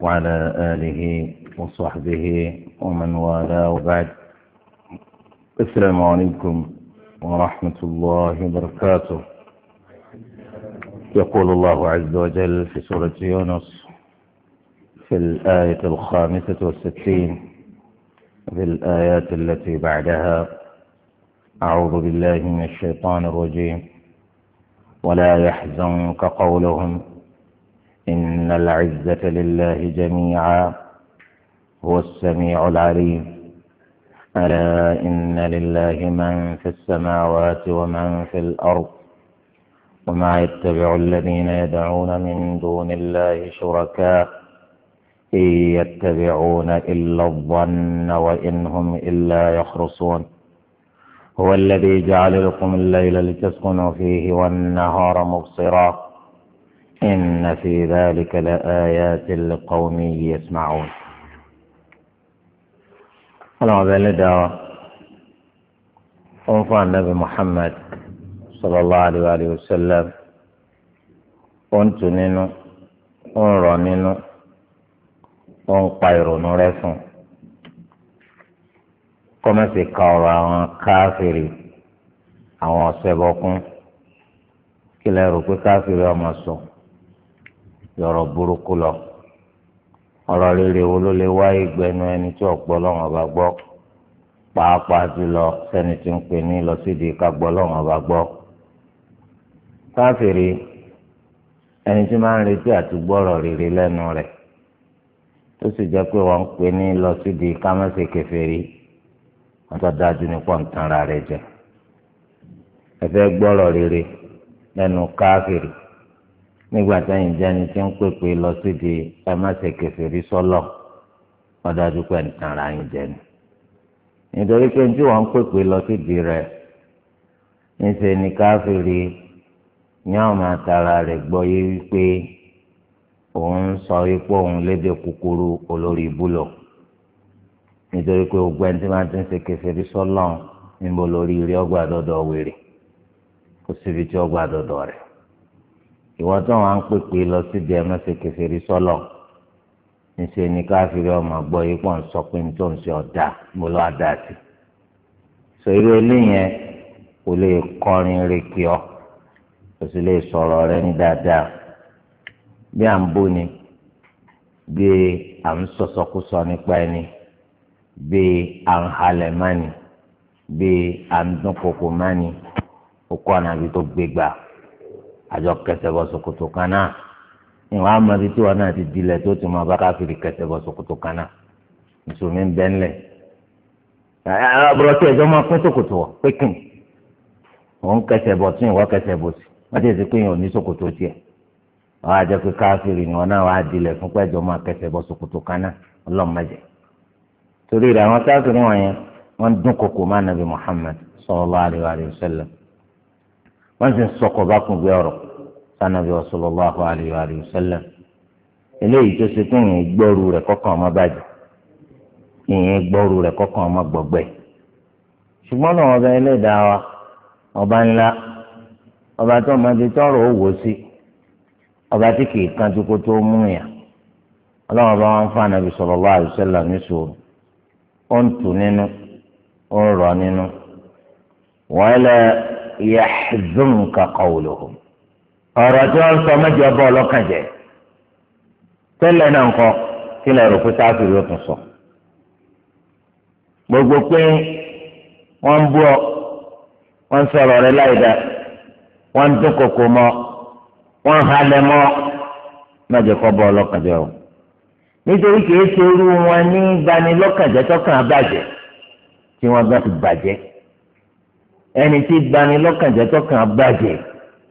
وعلى آله وصحبه ومن والاه وبعد السلام عليكم ورحمة الله وبركاته يقول الله عز وجل في سورة يونس في الآية الخامسة والستين في الآيات التي بعدها أعوذ بالله من الشيطان الرجيم ولا يحزنك قولهم إن العزة لله جميعا هو السميع العليم ألا إن لله من في السماوات ومن في الأرض وما يتبع الذين يدعون من دون الله شركاء إن يتبعون إلا الظن وإن هم إلا يخرصون هو الذي جعل لكم الليل لتسكنوا فيه والنهار مبصرا إن في ذلك لآيات لقوم يسمعون أنا أبلد أنفع النبي محمد صلى الله عليه وآله وسلم أنت نينو أنرى نينو أن نرسون kọ́mẹ́sì كما ọ̀rọ̀ àwọn káfìrì àwọn ọ̀sẹ̀ bọ́kún kí lẹ́rù pé yọ̀rọ̀ burúkú lọ ọ̀rọ̀ rere wo ló lè wáyé gbẹnu ẹni tí ọ̀pọ̀ lọ́wọ́n bá gbọ́ pàápàá jùlọ sẹ́ni tí ń pè ní lọ́sídìí ká gbọ́ lọ́wọ́n bá gbọ́ káfíìrì ẹni tí máa ń retí àti gbọ́rọ̀ rere lẹ́nu rẹ̀ tó sì jẹ́ pé wọ́n ń pè ní lọ́sídìí ká má ṣe tó dájú ní pọ́ǹtàn rà rẹ̀ jẹ́ ẹ fẹ́ gbọ́rọ̀ rere lẹ́nu káfíìrì nígbà táyìn jẹni tí ń pèpè lọ síbi ẹ má ṣe kèfèrí sọlọ ọdájú pé nǹkan ara yín jẹni nítorí pé tí wọn ń pèpè lọ síbi rẹ níṣẹ ni káfíìrì ní àwọn àtàrà rẹ gbọ́ yé wípé òun sọ wípé òun lédè kúkúrú olórí ibùlọ nítorí pé ogun ẹni tí wọn ti ń ṣe kèfèrí sọlọ níbo lórí rí ọgbà dọdọ wèrè kò síbi tí ọgbà dọdọ rẹ. ìwọ tó wọn ń pèpè lọ síbi ẹmẹsẹ kẹfẹẹrí sọlọ níṣẹ ni káfíìrì ọmọ gbọ yìí pọ̀ ń sọ pé ní tó ń ṣe mo sí sọ irú eléyẹn kò lè kọrin rèké ọ kò sì lè sọrọ rẹ ní dáadáa bí à ń ni bí à ń ẹni bí à ń mání bí à ń àjọ kẹsẹ̀ bọ́ ṣòkòtò kan náà amadi tí wọn náà ti dilẹ̀ tó tún máa bá káfíìrì kẹsẹ̀ bọ́ sokoto kan náà ń bẹ́ ńlẹ̀ àbúrò tí ẹ̀jọ́ máa pín ṣòkòtò wọ̀ pékin òun kẹsẹ̀ bọ̀ tún sí ti ṣe pé yẹn ò ní ṣòkòtò tiẹ̀ wọ́n á pé káfíìrì ni wọn náà wàá fún máa wa wọ́n sì ń sọkọ̀ bá kún bí sanabi sallallahu alayhi wa sallam eléyìí tó ṣe pé ìyẹn gbọ́rù ọmọ ìyẹn ọmọ náà wa ọba ńlá ọba tó tọrọ ọba tí kó tó mú yàn ọlọ́wọ́n bá wọn fún anabi ó ń tù nínú yahzunka qawluhum ọ̀rọ̀ tí wọ́n sọ mẹ́jọ bọ́ ọlọ́kàn jẹ tẹ́lẹ̀ náà kọ́ kí lè rò tún sọ gbogbo pé wọn bú ọ wọn ń rẹ láìda wọ́n ń jẹ o nítorí kìí ṣe irú wọn ní gbanilọ́kànjẹ́ tọ́kàn ẹni tí bani lọ́kànjẹ́ tọkàn bàjẹ́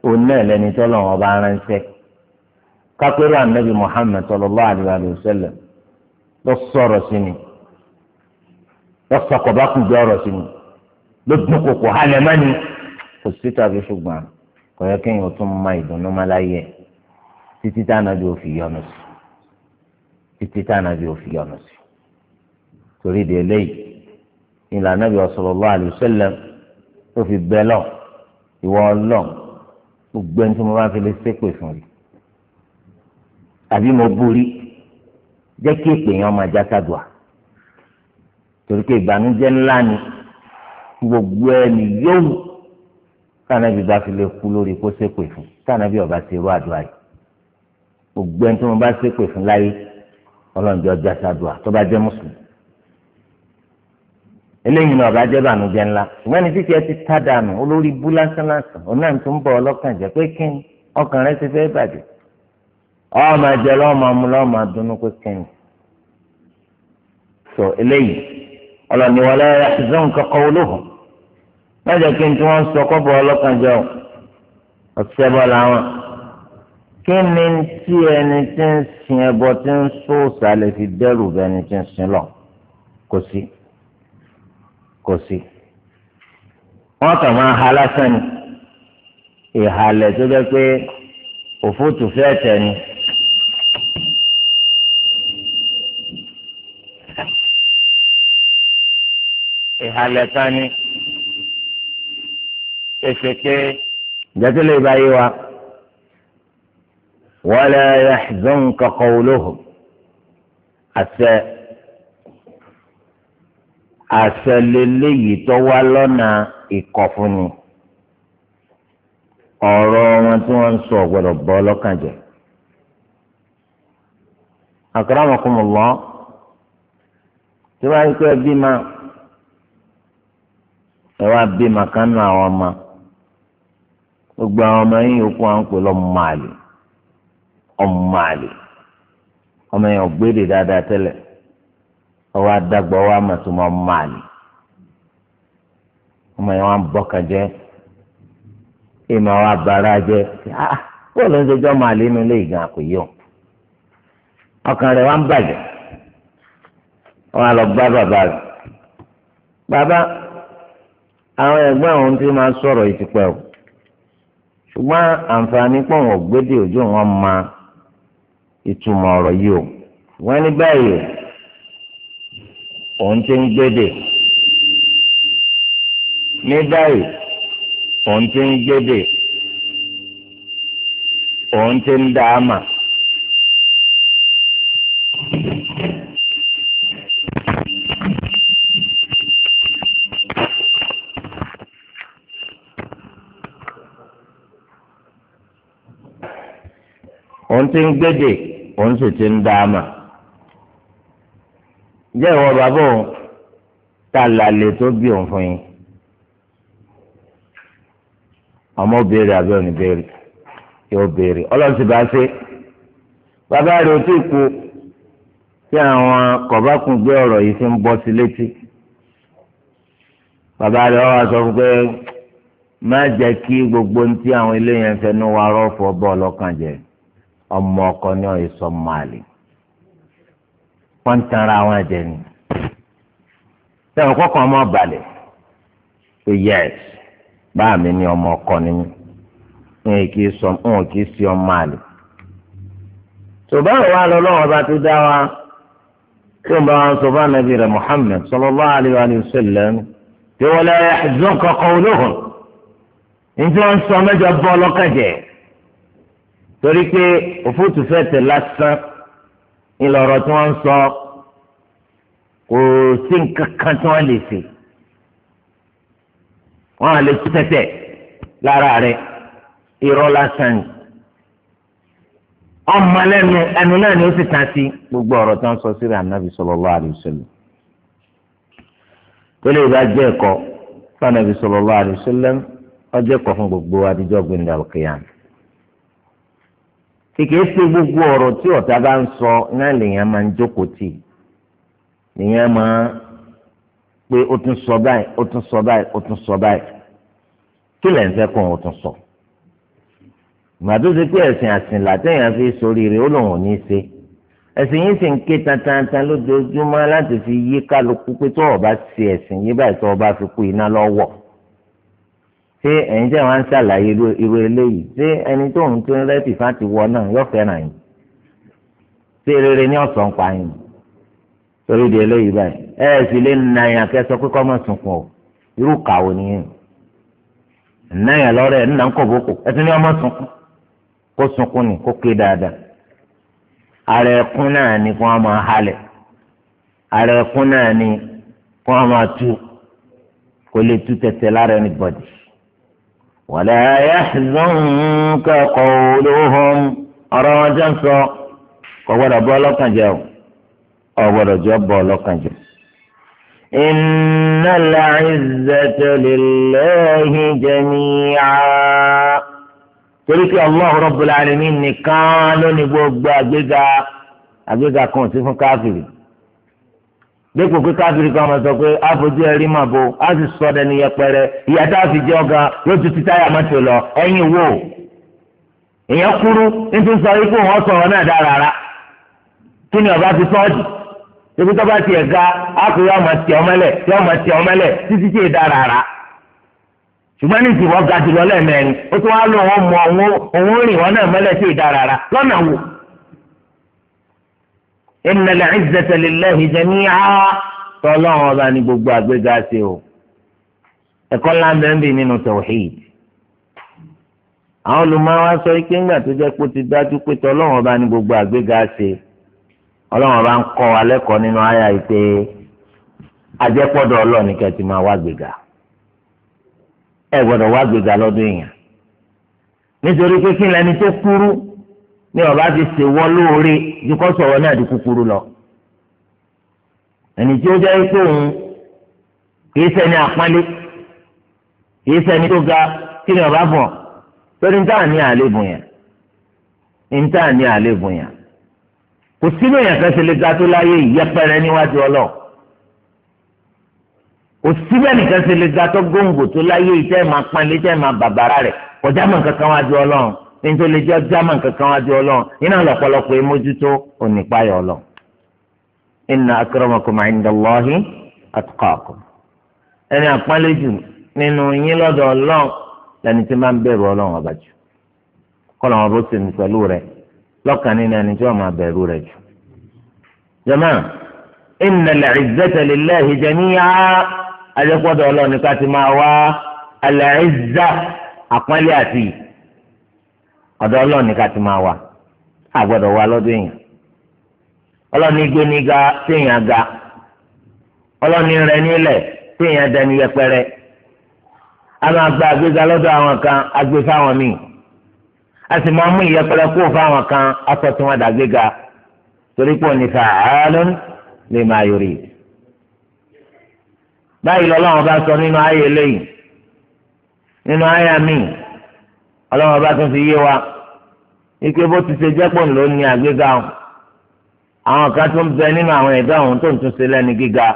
òun náà lẹni tọ́lọ̀ wọn bá ránṣẹ́ kápẹ́rù anabi muhammed sallallahu alaihi wa sallam lọ sọ̀rọ̀ sí mi lọ sọ̀kọ̀bá kùjọ ọ̀rọ̀ sí mi ló dún kòkò halẹ̀ mọ́ni kò sí tàbí ṣùgbọ́n kò yẹ kéèyàn tún ma ìdùnnú má láyé títí táwọn àbí òfin yọnu sí títí táwọn àbí òfin yọnu sí torí de eléyìí ìlànà bí sallallahu alaihi wa sallam tó fi bẹ lọ ìwọ ọlọ gbogbo ẹni tí mo bá fi lè ṣépè fún rí àbí mo borí jẹ́ kí èpè yẹn ọmọ ajá sàdùà torí pé ìbànújẹ́ ńlá ni gbogbo ẹni yóò wù kánábì bá fi lè kú lórí kó ṣépè fún kánábì ọba ti rú àdúrà yìí gbogbo ẹni tí mo bá ṣépè fún láyé ọlọ́njọ́ ajá sàdùà tó bá jẹ́ mùsùlùmí eléyìí náà ọba jẹ́ bànújẹ́ ńlá ṣùgbọ́n ní títí ẹ ti tá dànù olórí bú lásán lásán òun náà tó ń bọ̀ ọlọ́kàn jẹ́ pé kí ni ọkàn rẹ ti fẹ́ bàjẹ́ ọmọ jẹ lọ́mọ mu lọ́mọ dunu pé kí ni. sọ eléyìí ọlọ́ni wọlé ẹ̀sìn kankan olóhùn lọ́jọ́ kí n tí wọ́n sọ kọ́ bọ̀ ọlọ́kàn jẹ́ ọ ọ̀sẹ̀ bọ̀ làwọn kí ni tí ẹni tí ń sin ẹbọ tí ń sóòsà lè fi dẹ́rù bẹ́ẹ̀ kò sí wọn kàn máa ha lásán ni ìhàlẹ̀ tó jẹ́ pé òfútù fẹ́ tẹ̀ ni. ìhàlẹ̀ kan ni èsì pé jẹ́tìlẹ̀ ìbáyé wa wala yahzunka qawluhum àṣẹ. àṣẹ lélẹ́yìí tó wá lọ́nà ìkọ̀fúnni ọ̀rọ̀ wọn tí wọ́n ń sọ gbọ́dọ̀ bọ́ lọ́kàn jẹ́. tí wọ́n á yí pé ẹbí máa ẹ wá bí màkánù àwọn ọmọ gbogbo àwọn ọmọ yìí yòókù à ń ọmọ àlè ọmọ yẹn ọwọ́ adágbọ́ wa ọmọ yẹn wọn bọ́kà jẹ wa bàrà jẹ́ ah, bóòlù ló ń inú ilé ìgbà kò yọ ọkàn rẹ̀ wọn lọ bá bàbá rẹ̀ bàbá àwọn tí máa sọrọ o ṣùgbọ́n àǹfààní wọn ma ìtumọ̀ o wọn ní báyìí òun ti ń gbédè ní báyìí òun ti ń gbédè òun ti ń dá a mà. òun ti ń gbédè òun sì ti ń dá a mà ǹjẹ́ ìwọ bàbá òun ta làlè tó bí òun fún yín ọmọ béèrè àbí òní béèrè yóò béèrè ọlọ́run ti bá ṣe bàbá rẹ̀ ò tí ì kú tí àwọn kọ̀bákùn gbé ọ̀rọ̀ yìí fi ń bọ́ sí létí bàbá rẹ̀ wá sọ fún pé má jẹ́ kí gbogbo ohun tí àwọn eléyàn fẹnu wa rọ́ọ̀fù ọbọ̀ ọlọ́kàn ọmọ ọkọ ní ọ̀yẹ́sọ̀ máàlì wọ́n ń tanra wọn jẹ ni sẹ́wọ̀n kọ́kọ́ ọmọ balẹ̀ pé yẹ́s báà mi ní ọmọ ọkọ ni mí wọn kì í sọ wọn kì í sí ọmọ àlè tòbáwò wa lọ lọ́wọ́ bá tó dá wa tó ń bá wa sọ fún anabi rẹ Muhammad sallallahu alaihi wa sallam tí wọn lè zọ kankan olóhùn njẹ wọn sọ mẹjọ bọ ọlọkàjẹ torí pé òfútùfẹ tẹ lásán ńlọrọ tí wọn sọ. kò sí nǹkan kan tí wọ́n lè ṣe wọ́n á lè lara tẹ́tẹ́ lára rẹ̀ irọ́ lásán ọmọ lẹ́nu ẹnu náà ni ta sí gbogbo ọ̀rọ̀ tó ń sọ sí rẹ̀ ànábì sallallahu alaihi wasallam tó lè jẹ́ ẹ̀kọ́ gbogbo adijọ́ gbẹ̀ndà òkèèyàn kìkì gbogbo ọ̀rọ̀ tí ọ̀tá bá ń sọ náà máa ń jókòó nìyẹn máa pé ó tún sọ báyìí ó tún sọ báyìí ó tún sọ báyìí kí lẹ̀ ń fẹ́ kó o tún sọ. ìgbàdo ti pé ẹ̀sìn àsìn làtẹ̀yìn fi sórí rẹ̀ ó lòun ò ní í ṣe ẹ̀sìn yìí sì ń ké tantantan lójoojúmọ́ láti fi yí kálukú pé tó o ṣe ẹ̀sìn yìí báyìí tó o fi kú iná lọ́wọ́ ṣé ẹ̀yin jẹ́ wọn ń ṣàlàyé irú eléyìí ṣé ẹni tó tún rẹ́tì fáti wọ náà yóò fẹ́ràn yìí ṣé rere ní ọ̀sán pa yìí torí di eléyìí báyìí ẹ sì lè nà yàn kẹ sọ pé sunkún o irú kàwé nìyẹn nà yàn lọ́rẹ́ nà ń kọ̀ bókò ẹ sunkún kó sunkún ni kó ké dáadáa ara ẹkún náà ni kó wọn máa ẹkún náà ni kó wọn máa kó lè lára ẹni wọn o. ọ̀gbọ́dọ̀ jọ bọ̀ ọlọ́kàn jẹ. innal izzata lillahi jami'a. torí pé Allah Rabbul Alamin nìkan gbogbo kan sí fún káfíìrì dípò pé káfíìrì kan máa sọ pé àfojú ẹrí máa bo a sì sọ ọdẹ ní yẹpẹrẹ ìyá tá a yóò tún ti táyà mọ́tò lọ ẹ̀yìn wò èèyàn kúrú nítorí sọ wípé wọn ọ náà dára kí ni ọba ti sọ ebi tó bá tiẹ̀ ga akọ yọ ọmọ tiẹ̀ ọmọlẹ̀ yọ ọmọ tiẹ̀ ọmọlẹ̀ títí tí ì dára ṣùgbọ́n ní jùlọ ó tún wá lọ wọn mọ òun rìn wọn náà mọ́lẹ̀ tí ì dára lọ́nà wò. innal ọba ní gbogbo o ẹ̀kọ́ ń bì nínú ọlọ́run bá ń kọ́ wa lẹ́kọ̀ọ́ nínú àyà yìí pé ajẹ́pọ̀dọ̀ ọlọ́ọ̀ni kẹ́tì máa wá gbèga ẹ gbọ́dọ̀ wá gbèga lọ́dún èèyàn nítorí pé kí lẹni tó kúrú ni ọba ti ṣèwọ́ lóore dukọ́ sọ̀rọ̀ náà di kúkúrú lọ ẹni tí ó jẹ́ pé òun kìí ṣẹni àpọ́nlé kìí ṣẹni tó ga kí ni ọba bọ̀ torí níta ní àlébùn yẹn níta ní àlébùn yẹn kò sínú èèyàn kan ṣe lè ga tó láyé ìyẹpẹrẹ níwájú ọlọ́ọ̀ kò síbẹ̀ nìkan ṣe lè ga tó góńgò tó láyé ìtẹ́ máa panlé tẹ́ máa bàbàrà rẹ̀ kọjá mọ̀ nǹkan kan wájú ọlọ́run nítorí lè jẹ́ ọjá mọ̀ nǹkan kan wájú ọlọ́run iná lọ́pọ̀lọpọ̀ emójútó onípayọ̀ ọlọ́run. inna akramakum indallahi atqakum. ẹni àpọ́nlé nínú yín lọ́dọ̀ ọlọ́run lẹni tí máa ń bẹ̀rù ọlọ́run ọba kọ́ lọ́kàn nínú ẹni tí wọ́n máa bẹ̀rù rẹ̀ jù. jama innal izzata lillahi jami'a ajẹ́pọ̀dọ̀ ọlọ́ọ̀ni ká ti máa wá al àpọ́nlé àti ọ̀dọ̀ ọlọ́ọ̀ni ká ti máa wá àgbọ̀dọ̀ wá lọ́dọ̀ èèyàn ọlọ́ọ̀ni ní ga téèyàn ga ọlọ́ọ̀ni nílẹ̀ téèyàn dẹni yẹpẹrẹ a máa gba àgbéga lọ́dọ̀ àwọn kan àgbé fáwọn míì a sì máa mú ìyẹpẹrẹ kó fáwọn kan aṣọ tí wọn dàgbéga torí pé òní fa'alun lima yurid báyìí lọ́lọ́wọ́n bá sọ nínú ayé eléyìí nínú ayé mi ọlọ́wọ́n bá tún fi yé wa ike bó ti ṣe jẹ́pọ̀ ló ní àgbéga àwọn kan tún bẹ nínú àwọn ẹ̀dá òun tó ń tún ṣe lẹ́ni gíga.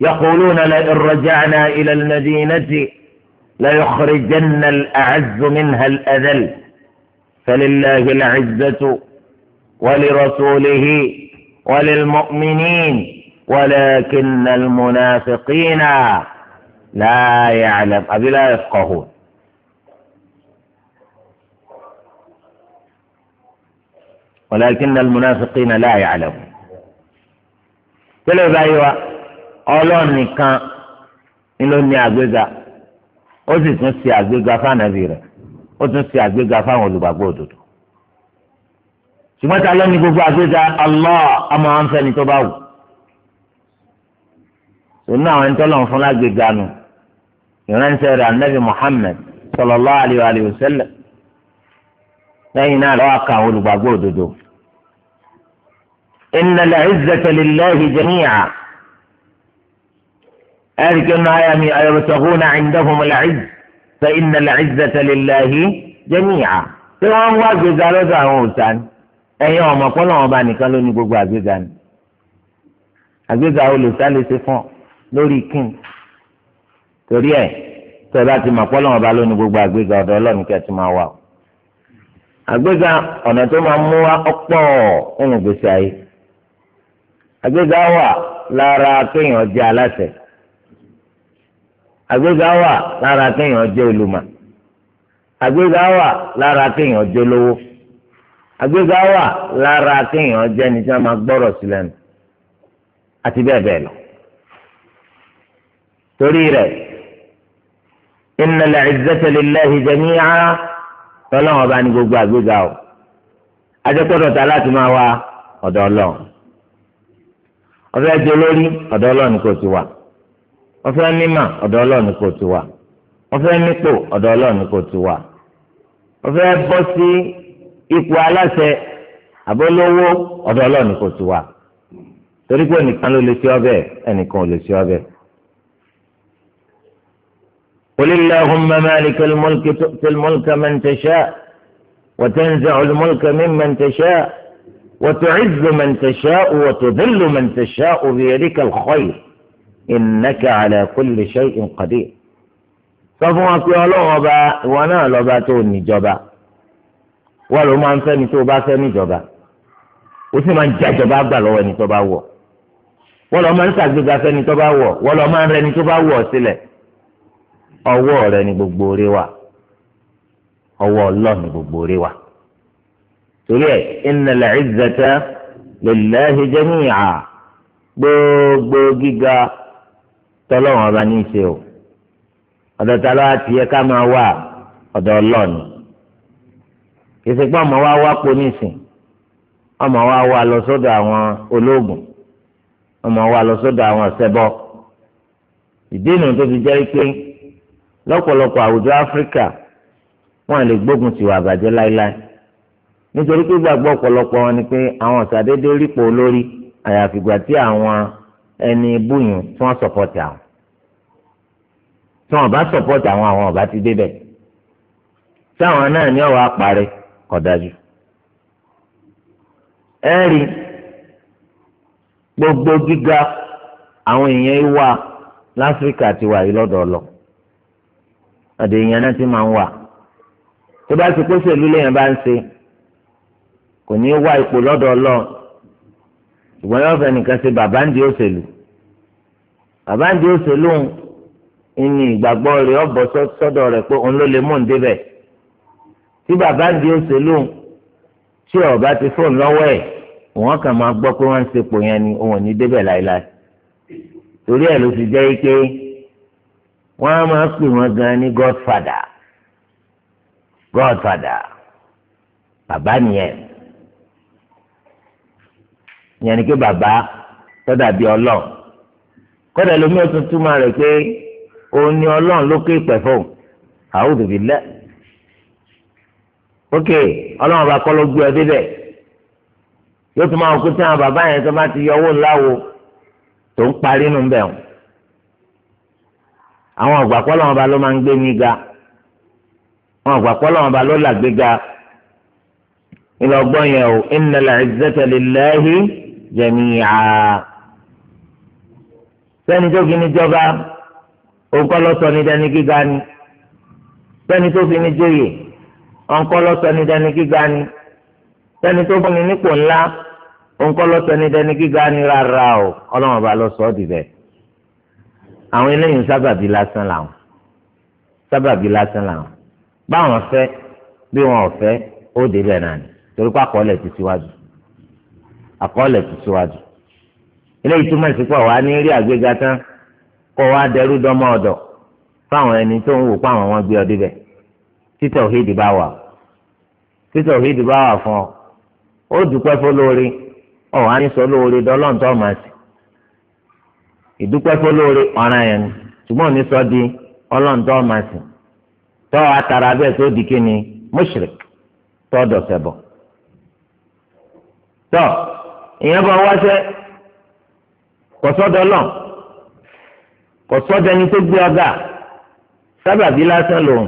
يقولون لئن رجعنا إلى المدينة ليخرجن الأعز منها الأذل فلله العزة ولرسوله وللمؤمنين ولكن المنافقين لا يعلم أبي لا يفقهون ولكن المنافقين لا يعلمون تلو بأيوة ọlọ́run nìkan ni ló ní àgbéga ó sì tún ṣe àgbéga fáànàbì rẹ̀ ó tún ṣe àgbéga fáwọn olùgbàgbọ́ òdodo ṣùgbọ́n ta ló ní gbogbo àgbéga Allah àmọ́ à ń fẹ́ni tó bá wù òun náà àwọn ẹni tọ́lọ̀ ń fún lágbèga nù ìránṣẹ́ rẹ̀ anabi Muhammad sallallahu alayhi wa alayhi lẹ́yìn náà lọ́wọ́ ka olùgbàgbọ́ òdodo. inna al-izzata lillahi jami'a ẹ̀ríkẹ́ náà ayà mi ayọ̀bẹ̀tẹ̀húnà ìndẹ́hùnmọ̀lá ìzà ìnàlá ìzà tẹ̀lélàhí jẹ́míyà tí wọ́n ń wá àgbéga lọ́dọ̀ àwọn òòṣà ni ẹ̀yin ọmọ pọ́nlọ́ wọn bá nìkan ló ní gbogbo àgbéga ni àgbéga olùsá lè ṣe fún ọ lórí kín torí ẹ tẹ bá ti mọ̀ pọ́lọ́ wọn bá ló ní gbogbo àgbéga ọ̀dọ̀ ọlọ́run kẹ́ ti máa wà o àgbéga ọ̀nà tó máa mú wa ọ̀pọ̀ nínú gbèsè ayé àgbéga wà lára kéèyàn jẹ́ aláṣẹ àgbéga wà lára kéèyàn jẹ́ olùmọ̀ àgbéga wà lára kéèyàn jẹ́ olówó àgbéga wà lára kéèyàn jẹ́ ẹni máa gbọ́rọ̀ sí lẹ́nu àti bẹ́ẹ̀ bẹ́ẹ̀ lọ. torí rẹ̀ innal izzata lillahi jami'a gbogbo àgbéga o ajẹ́pọ̀dọ̀ ta láti máa olórí kò ọfẹ́ nímà ọ̀dọ̀ Ọlọ́run kò ti wà ọfẹ́ nípò ọ̀dọ̀ Ọlọ́run kò ti wà ọfẹ́ bọ́ sí ipò aláṣẹ àbólówó ọ̀dọ̀ Ọlọ́run kò ti wà torí pé ẹnìkan ló lè ṣe ọbẹ̀ ẹnìkan ò lè ṣe ọbẹ̀. قل اللهم مالك الملك تؤتي الملك من تشاء وتنزع الملك ممن تشاء وتعز من تشاء وتذل من تشاء بيدك الخير innaka ala kulli shay'in qadir sọ fún wọn pé ọlọ́run ọba ìwọ náà lọ́ba tó níjọba wọ́n ló máa ń fẹ́ni tó bá fẹ́ níjọba ó sì máa ń jájọba gbà lọ́wọ́ ẹni tó bá wọ̀ wọ́n lọ́ máa ń ṣàgbéga fẹ́ni tó bá wọ̀ wọ́n lọ́ máa ń rẹni tó bá wọ̀ sílẹ̀ ọwọ́ rẹ ni gbogbo orí wà ọwọ́ ọlọ́ ni gbogbo orí wà torí ẹ innal izzata lillahi jami'a gbogbo gíga tọ́lọ́wọ́n ọba ní í ṣe o ọ̀dọ̀ ta ló wá ti yẹ ká máa wà ọ̀dọ̀ ọlọ́ọ̀ni kìsì pé ọmọ wa wá pọ̀ nísìn ọmọ wa wá lọ sọ́dọ̀ àwọn ológun ọmọ wa lọ sọ́dọ̀ àwọn ọ̀sẹ̀bọ ìdí ìnù tó fi jẹ́ pé lọ́pọ̀lọpọ̀ àwùjọ áfíríkà wọn lè gbógun tiwa àbàjẹ́ láéláé nítorí pé gbàgbọ́ ọ̀pọ̀lọpọ̀ wọn ni pé àwọn ọ̀sàdédé rípò olórí àyàfìgbà tí àwọn ẹni bóyún tí wọ́n sọ̀pọ̀tì àwọn tí wọ́n bá sọ̀pọ̀tì àwọn àwọn ọ̀bá ti débẹ̀ tí àwọn náà ní ọ̀wọ́ àparẹ́ kọ̀dájú. ẹ rí gbogbo gíga àwọn èèyàn wà láfíríkà ti wà yìí lọ́dọ̀ ọlọ ọ̀dọ̀ èèyàn náà ti máa ń wà tó bá ti pèsè ìlú lèèyàn bá ń ṣe kò ní í wá ipò lọ́dọ̀ ọlọ ṣùgbọ́n nìkan ṣe bàbá ń di òṣèlú bàbá ń di òṣèlú ìní ìgbàgbọ́ rẹ̀ ọ̀bọ̀ sọ́dọ̀ rẹ̀ pé òun ló lè mú un débẹ̀ tí bàbá ń di òṣèlú tí ọba ti fóònù lọ́wọ́ ẹ̀ wọ́n kàn máa gbọ́ pé wọ́n ń sepò yẹn ni òun ò ní débẹ̀ láéláé torí ẹ̀ ló ti jẹ́ pé wọ́n á máa pè wọ́n gan ní godfather godfather bàbá nìyẹn ìyẹn ni pé bàbá tó dàbí ọlọ́run kọ́dà lómi ó tún túmọ̀ rẹ̀ pé òun ni ọlọ́run ló ké pẹ̀ fún àwùjọ bí lẹ́ ókè ọlọ́run bá kọ́ ló gbé ọ débẹ̀ yóò tún máa kú tí àwọn bàbá yẹn tó bá ti yọ owó ńlá wo tó ń parí nù bẹ̀ wọn àwọn ọ̀gbà pọ́lọ́wọ́n ba ló máa ń gbé ní ga àwọn ọ̀gbà pọ́lọ́wọ́n ba ló làgbéga ìlọgbọ́n yẹn o innal izzata lillahi jami'a sẹ́ni tó fi ní jọba òǹkọ́ lọ́sọ ní dání gíga ni sẹ́ni tó fi ní joyè òǹkọ́ lọ́sọ ní dání gíga ni sẹ́ni tó fún ni nípò ńlá òǹkọ́ lọ́sọ ní dání gíga ni rárá o ọlọ́run bá lọ́sọ ọ́ dìbẹ̀ àwọn eléyìí sábàbí lásán làwọn sábàbí lásán làwọn báwọn fẹ́ bí wọn ò fẹ́ ó débẹ̀ náà ni torí pé àkọọ́lẹ̀ ti síwájú àkọọ́lẹ̀ ti síwájú. eléyìí túmọ̀ sí pé àwa ní rí àgbéga tán kó wa dẹrú dọ́mọ ọ̀dọ̀ fáwọn ẹni tó ń wò pé wọn gbé ọ débẹ̀ tí tawhidi bá wà tí tawhidi bá wà fún ọ ó dúpẹ́ fọlóore ọ̀hún ní sọ lóore dọ́lọ́ǹtọ́ máa sì ìdúpẹ́ fọlóore ọ̀ràn yẹn ni ní sọ di ọlọ́ǹtọ́ máa sì tọ́ atara bẹ́ẹ̀ tó di kíni mushrik tọ́ dọ̀sẹ̀ bọ̀ tọ́ ìyẹn bá wáṣẹ́. kọ̀sọ́dọ̀ lọ kọ̀sọ́dọ̀ ẹni tó gbé ọgá sábàbí lásán lòun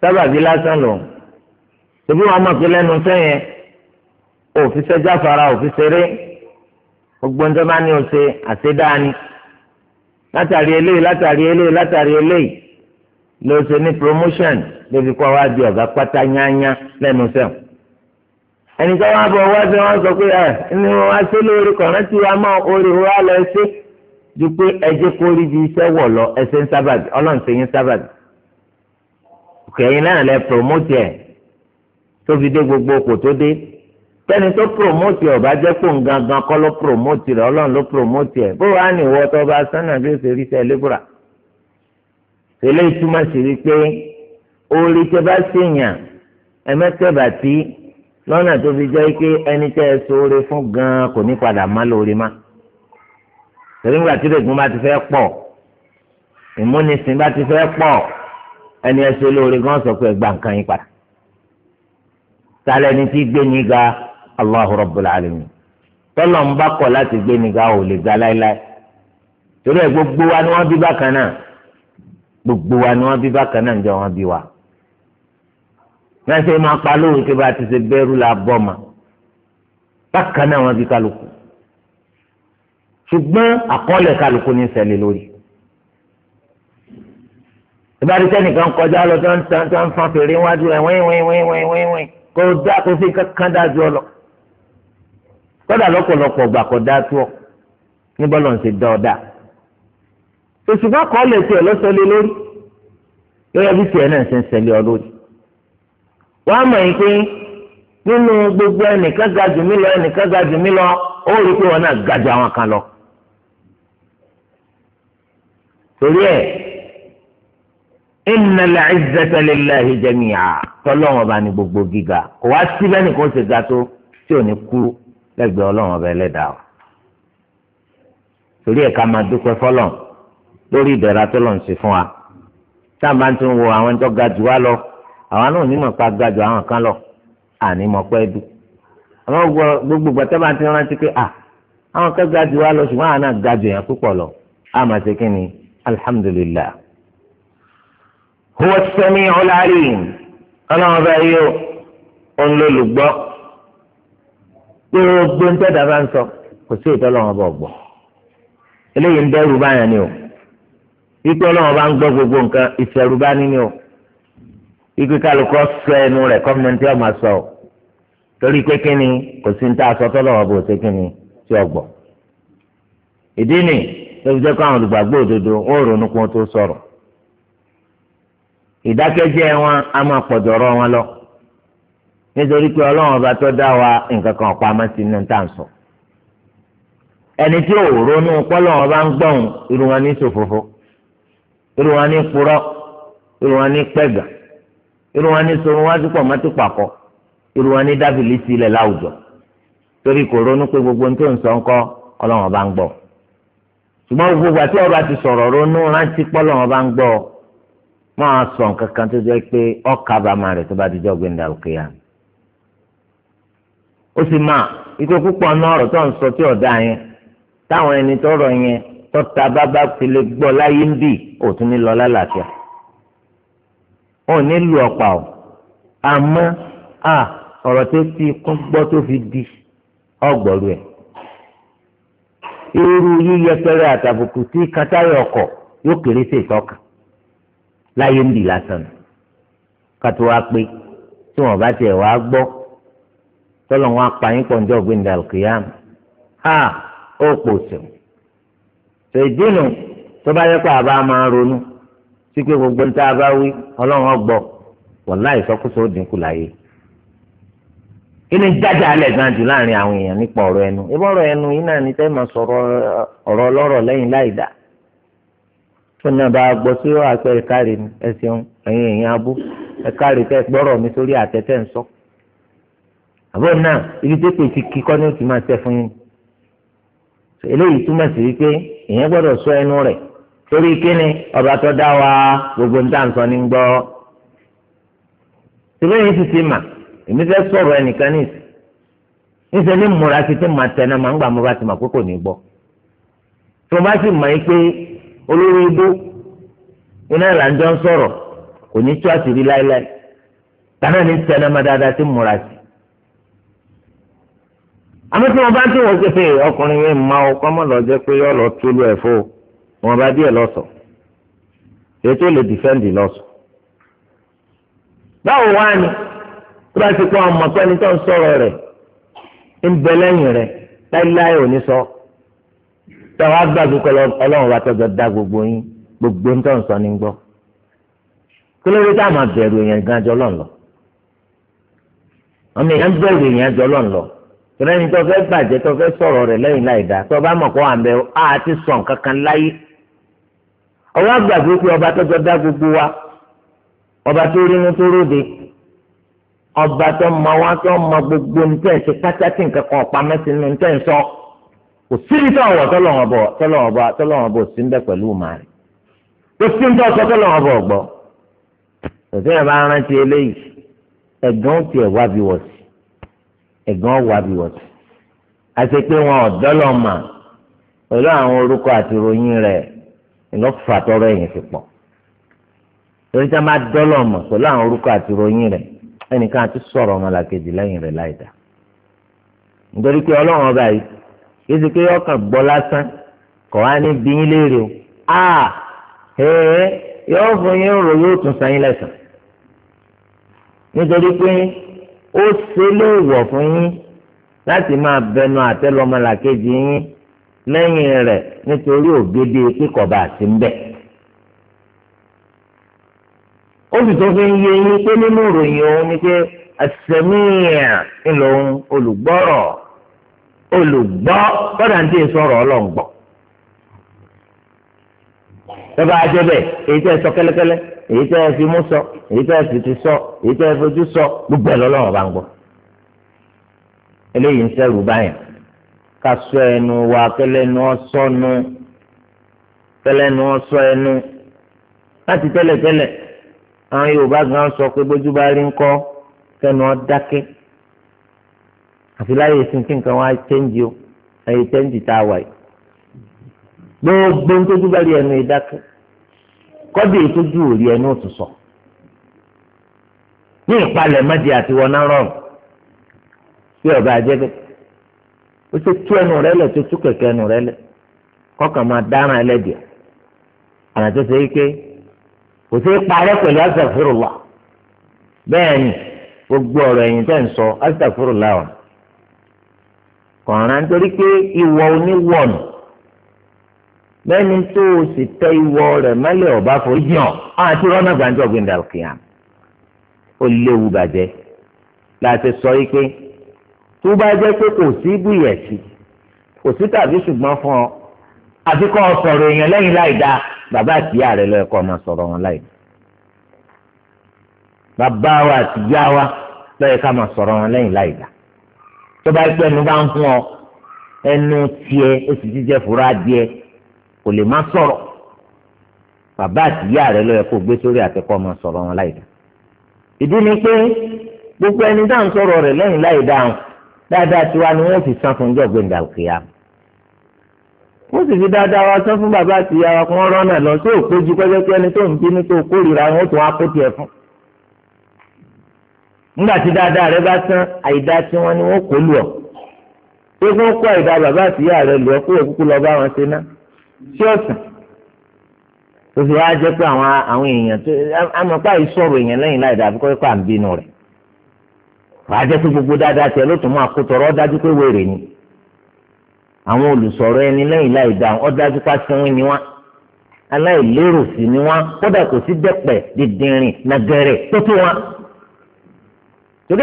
sábàbí lásán lòun tòbí wọn mọ̀ pé lẹ́nu sẹ́yìn òfìsẹ́ jáfara òfìsẹ́rẹ́ gbogbo ń tọ́ba ní ose àṣedáni látàrí eléyìí látàrí eléyìí látàrí eléyìí ló ṣe ní promotion lóbi kọ́ wá di ọ̀gá pátá yányá lẹ́nu sẹ́wọ̀n ẹnìkan wá bọ̀ wá sí wọn sọ pé ẹ ní wọn wá sí lórí kọ̀ọ̀rán tí wọn mọ orí wa lọ sí ju pé ẹjẹ kó rí di iṣẹ́ wọ̀ lọ ẹsẹ̀ ń sábàbí ọlọ́run ṣe yín sábàbí kẹ̀yìn náà lẹ promote ẹ̀ tó fi dé gbogbo kò tó dé tẹ́ni tó promote ọba jẹ́ kó ń gangan kọ́ ló promote rẹ̀ ọlọ́run ló promote ẹ̀ bó wàá nìwọ tó bá sánà bí ó ṣe rí sẹ́ lébùrà tẹ́lẹ̀ ìtumọ̀ sí wípé orí tẹ́ bá ṣèyàn ẹ̀mẹ́tẹ̀bà tí lọ́nà tó fi jẹ́ pé ẹni tẹ́ ẹ sóore fún gan-an kò ní padà má lóore má torí nígbà tí ìrègùn bá ti fẹ́ pọ̀ ìmúnisìn bá ti fẹ́ pọ̀ ẹni ẹ ṣe lóore gan sọ pé ẹgbà nǹkan yín padà sálẹ̀ ni tí gbé yín ga Allahu Rabbul Alamin tọ́lọ̀ ń bá kọ̀ láti gbé yín ga ò lè ga láéláé torí ẹ gbogbo wa ni wọ́n bí bákan náà gbogbo wa ni wọ́n bí bákan náà ń jẹ́ wọ́n bí wa náà ṣe máa pa lóhùn tí bá ti ṣe bẹ́rù la bọ́ ma bákan náà wọ́n bí kálukú ṣùgbọ́n àkọọ́lẹ̀ kálukú ní ṣẹlẹ̀ lórí ìbáraẹni sẹ́nìkan kọjá lọ tó ń tán tó ń fan fèrè wájú rẹ̀ wín wín wín wín wín wín kò dá kò sí kankan dájú ọ lọ kọ́dà lọ́pọ̀lọpọ̀ ọgbà kò dá tó ọ níbọ̀ lọ́n ṣe dá ọ dá òṣùpá kọ́ọ̀lẹ̀ tiẹ̀ lọ́sọ̀lẹ̀ lórí lórí ẹbí tiẹ̀ náà ṣe ń ṣẹlẹ̀ ọ lórí wàá mọ̀ yín pé nínú gbogbo ẹnìkan ga jù mí lọ ẹnìkan ga jù mí lọ ó rí i pé wọn náà ga jù àwọn kan lọ. torí ẹ innal izzata lillahi jami'a tọ́lọ́wọ́n ọba ní gbogbo gíga kò wá síbẹ̀ nìkan ṣe ga tó tí ò ní kú lẹ́gbẹ̀ẹ́ ọlọ́run ọba ẹlẹ́dàá o torí ẹ̀ ká máa dúpẹ́ fọlọ́n lórí ìdẹ̀ra tó lọ́n ṣe fún wa táwọn bá ń tún wo àwọn tó ga jù wá lọ àwọn náà onímọ̀ pa gbàjọ àwọn kan lọ ànímọ̀ pẹ́ dù àwọn gbogbo gbàtẹ́ bá ti rántí pé à àwọn kan gbàjọ wa lọ ṣùgbọ́n àwọn náà gbàjọ yẹn púpọ̀ lọ àmọ́ ṣe kí ni alhamdulillah. huwa as-sami'ul 'alim ọlọ́run bá yí òun ló lù gbọ́ gbogbo ń bá ń sọ kò sí ìtọ́lọ́run bọ̀ gbọ́ eléyìí ń dẹ́rù báyà ni o ìtọ́lọ́run bá ń gbọ́ gbogbo nǹkan ìfẹ̀rù bá ní o ikú kálukọ sọ ẹnu rẹ̀ kọ́mọ̀ntì ọmọ sọ ọ torí pé kíni kò sí ní tá a sọ tọ́lọ̀ ọ̀bọ̀ ṣe kíni tí ọ gbọ̀. ìdí nì tó fi jẹ́ kó àwọn olùgbàgbọ́ òdodo ó ronú kó tó sọ̀rọ̀. ìdákẹ́jẹ́ wọn a máa pọ̀jọ́ rọ wọn lọ nítorí pé ọlọ́run ọba tó dá wa nǹkan kan pamọ́ sí inú tá à ń sọ. ẹni tí ò ronú pọ́lọ́run bá ń gbọ̀n irun wọn ní ṣòfófó irun wọn ní purọ́ irun wọn ní pẹ̀gàn irun wa ní sorun wá sí pọ̀mọ́tò pàkọ́ irun wa ní dábìlì sílẹ̀ láwùjọ torí kò ronú pé gbogbo tó ń sọ ńkọ́ ọlọ́wọ́n bá ń gbọ́ ṣùgbọ́n gbogbo àti ọba ti sọ̀rọ̀ ronú rántí pọ́lọ́wọ́n bá ń gbọ́ máa sọ nǹkan kan tó jẹ́ pé ọkà bàmà rẹ̀ tó bá ti jọ́ gbẹ̀ndà òkè yá ó sì máa ikú púpọ̀ náà ọ̀rọ̀ tó ń sọ tí ọ̀dà yẹn táwọn ẹni tọrọ yẹn tọ́ta bábá fi gbọ́ láyé ń bì òtún ní lọ lálàáfíà wọn ò ní lu ọ̀pá o àmọ́ a ọ̀rọ̀ tó fi kún gbọ́ tó fi di ọgbọ̀lù ẹ̀ irú yíyẹpẹrẹ àtàbùkù tí kátàrí ọkọ̀ yóò kéré sí ìtọ́ka láyé ń bì lásán kátó wá pé tí wọn bá tiẹ̀ wá gbọ́ tọ́lọ̀ wọn apààyàn pọ̀ níjọ́ gbẹ̀ndà kìyàm ha ó pò sùn ṣèjìnnù tó bá yẹ kó àbá máa ronú sí pé gbogbo ń tá a bá wí ọlọ́run ọgbọ́ wọ̀lá ìsọkúsọ dínkù láyé kí ni jájà alẹ̀ gan jù láàrin àwọn èèyàn nípa ọ̀rọ̀ ẹnu ìbá ọ̀rọ̀ ẹnu yìí náà ni tẹ́ máa sọ̀rọ̀ ọ̀rọ̀ ọlọ́rọ̀ lẹ́yìn láì dá tó náà bá gbọ́ sí àpẹ ẹ̀kárì ẹ̀sìn ẹ̀yìn ẹ̀yìn abú ẹ̀kárì tẹ́ gbọ́rọ̀ mi sórí àtẹ́tẹ́ ń sọ. àbọ̀ náà ibi tó pè ti kíkọ́ ní òtún máa tẹ́ fún yín eléyìí túmọ̀ sí wípé èèyàn gbọ́dọ̀ sọ ẹnu rẹ̀ torí kíni ọba tó dá wa gbogbo ń dáǹsọ ní gbọ́ tìbẹ́ yìí ti mà èmi fẹ́ sọ̀rọ̀ ẹnìkan ní ìsìn níṣẹ́ ní múra sí ti máa tẹná máa ń gbà mo bá ti mà pé kò ní gbọ́ tó bá sì pé olórí ibú iná ìlànjọ́ ń sọ̀rọ̀ kò ní tú àṣírí láéláé tànà ní tẹná máa dáadáa sí múra sí àmọ́ tí wọ́n bá ń wọ́n wọn bá díẹ̀ lọ́sọ̀ ètò lè dìfẹ́ǹdì lọ́sọ̀ báwo wá ni tó bá ti kọ́ ọmọ tó ẹni tó ń sọ̀rọ̀ rẹ̀ ń bẹ lẹ́yìn rẹ̀ láíláí ò ní sọ táwọn agbáàgbé kọ́ ọlọ́run wa tọ́jọ́ dá gbogbo yín gbogbo ń tó ń sọ ní gbọ́ kí ló dé tá a máa bẹ̀rù èèyàn gan jọ lọ́n lọ ọmọ èèyàn bẹ̀rù èèyàn jọ lọ́n lọ tọ́lẹ́ni tó fẹ́ bàjẹ́ tó fẹ́ sọ̀rọ̀ rẹ̀ lẹ́yìn láì dáa tó bá mọ̀ kó à ń bẹ àti sọ̀ kankan láyé ọwọ́ àgbàgbé pé ọba tọ́jọ́ dá gbogbo wa ọba tó rí inú tó ròde ọba tó mọ wá tó mọ gbogbo nítẹ̀ ṣe kátá tí nǹkan kan ọ̀pá mẹ́sìn nínú nítẹ̀ ń sọ kò síbi tó ọ̀wọ̀ tọ́lọ̀wọ̀n bọ̀ tọ́lọ̀wọ̀n bọ̀ tọ́lọ̀wọ̀n bọ̀ sí ń bẹ̀ pẹ̀lú màrí kò sí ń tọ́ sọ tọ́lọ̀wọ̀n bọ̀ gbọ́ kò sí rántí eléyìí ẹ̀gán ti ẹ̀ wá bí wọ̀ sí ẹ̀gán wá bí wọ̀ sí àti pé wọn ọ̀dọ́lọ́mà pẹ̀lú àwọn orúkọ àti ìròyìn rẹ̀ ìlọ́fà tọrọ ẹ̀yìn fi pọ̀ torí tá a máa dọ́lọ̀ mọ̀ pẹ̀lú àwọn orúkọ àti ròyìn rẹ̀ ẹnìkan àti sọ̀rọ̀ ọmọlàkejì lẹ́yìn rẹ̀ láìda nítorí pé ọlọ́run ọba yìí kí ti pé ọkàn gbọ́ lásán kọ̀ wá ní bí a ẹ̀ẹ́ yóò fún yín rò yóò tún lẹ́sàn nítorí pé ó ṣe fún yín láti máa bẹnu lẹ́yìn rẹ̀ nítorí ògede kíkọ̀bà àti ńbẹ̀. ó sì tó fi ń yé yín pé nínú ìròyìn òun ni pé àsẹ̀míyà ńlọ òun olùgbọ́rọ̀ olùgbọ́ kọ́dà ń tẹ̀ sọ̀rọ̀ ọlọ́ngbọ̀. tọ́ba ajẹ́bẹ̀ èyí tẹ́ sọ kẹ́lẹ́kẹ́lẹ́ èyí tẹ́ fi mú sọ èyí tẹ́ fi ti sọ èyí tẹ́ fojú sọ gbogbo ẹ̀ lọ́lọ́wọ́ bá ń gbọ́. eléyìí ń sẹ́rù báyìí ká ṣọ́ ẹnu wa kẹlẹ́nu ọ̀sọ́nu kẹlẹ́nu ọ̀sọ́ ẹnu láti tẹ́lẹ̀tẹ́lẹ̀ àwọn Yorùbá gan sọ pé bójú bá rí ńkọ́ kẹnu ọ dákẹ́ àti láyé sin kí nǹkan wá chẹ́ǹjì o ẹ̀yẹ chẹ́ǹjì tá a wà yìí gbogbo ń tójú bá rí ẹnu ìdákẹ́ kọ́dé ìtójú ò rí ẹnu òtún sọ ní ìpalẹ̀ mẹ́jẹ àti wọn náà rọrùn tí ọba àjẹbẹ́ ó ti tú ẹnu rẹ lẹ̀ tó tú kẹ̀kẹ́ ẹnu rẹ lẹ̀ kọ́kàn máa dáràn ẹlẹ́dìẹ̀ àná tó ṣe wípé kò sí parẹ́ pẹ̀lú asàfúrùlà bẹ́ẹ̀ ni gbogbo ọ̀rọ̀ ẹ̀yìn tẹ̀ ń sọ asàfúrùlà ọ̀nà kọ̀ọ̀ràn torí pé ìwọ oníwọ̀nù lẹ́ni tó o sì tẹ ìwọ rẹ̀ mẹ́lẹ̀ ọ̀bá foríjìàn àti rọ́nà gbàǹjọ́ gbìndàkìyàn ó léwu bàjẹ́ láti sọ yìí pé tó bá jẹ́ pé kò sí bùyẹ̀sì kò sí tàbí ṣùgbọ́n fún ọ àti kọ́ ọ sọ̀rọ̀ èèyàn lẹ́yìn láì dáa bàbá àtìyá rẹ lọ ẹ̀kọ́ máa sọ̀rọ̀ wọn láì dáa bàbá wa àtìyá wa lọ ẹ̀ka máa sọ̀rọ̀ wọn lẹ́yìn láì dáa tó bá pẹ́ ẹnu bá ń fún ọ ẹnu tiẹ̀ ó sì ti jẹ́ fúra díẹ̀ kò lè má sọ̀rọ̀ bàbá àtìyá rẹ lọ ẹ̀kọ́ gbé sórí àtẹ̀kọ́ máa sọ̀rọ̀ wọn láì dáa ìdí ni pé gbogbo ẹni dáhùn sọ̀rọ̀ rẹ̀ lẹ́yìn láì dáhùn dáadáa tiwa ni wọ́n fi san fún ọjọ́ gbẹ̀ndà òkèèyà sì fi dáadáa wa san fún bàbá àti ìyá wa kí wọ́n rọ́nà lọ sí òpójú pẹ́pẹ́ pé ẹni tó ń bínú tó kórìíra wọn tó wá kó tiẹ̀ fún nígbà tí dáadáa rẹ bá san àìdá tí wọ́n ni wọ́n kó lù ọ́ pé kó kó àìdá bàbá àti ìyá rẹ lù ọ́ kó òkúkú lọ bá wọn ṣe ná sí ọ̀sán tó fi wá jẹ́ pé àwọn èèyàn tó àmọ́ pàì sọ̀rọ̀ èèyàn lẹ́yìn láìdá wàájẹ́ pé gbogbo dáadáa tiẹ̀ ló tún máa kó tọrọ pé wèrè ni àwọn olùsọ̀rọ̀ ẹni lẹ́yìn láì dá ni wọ́n aláìlérò sí ni kódà kò sí dẹ́pẹ̀ nàgẹ̀rẹ̀ tó tó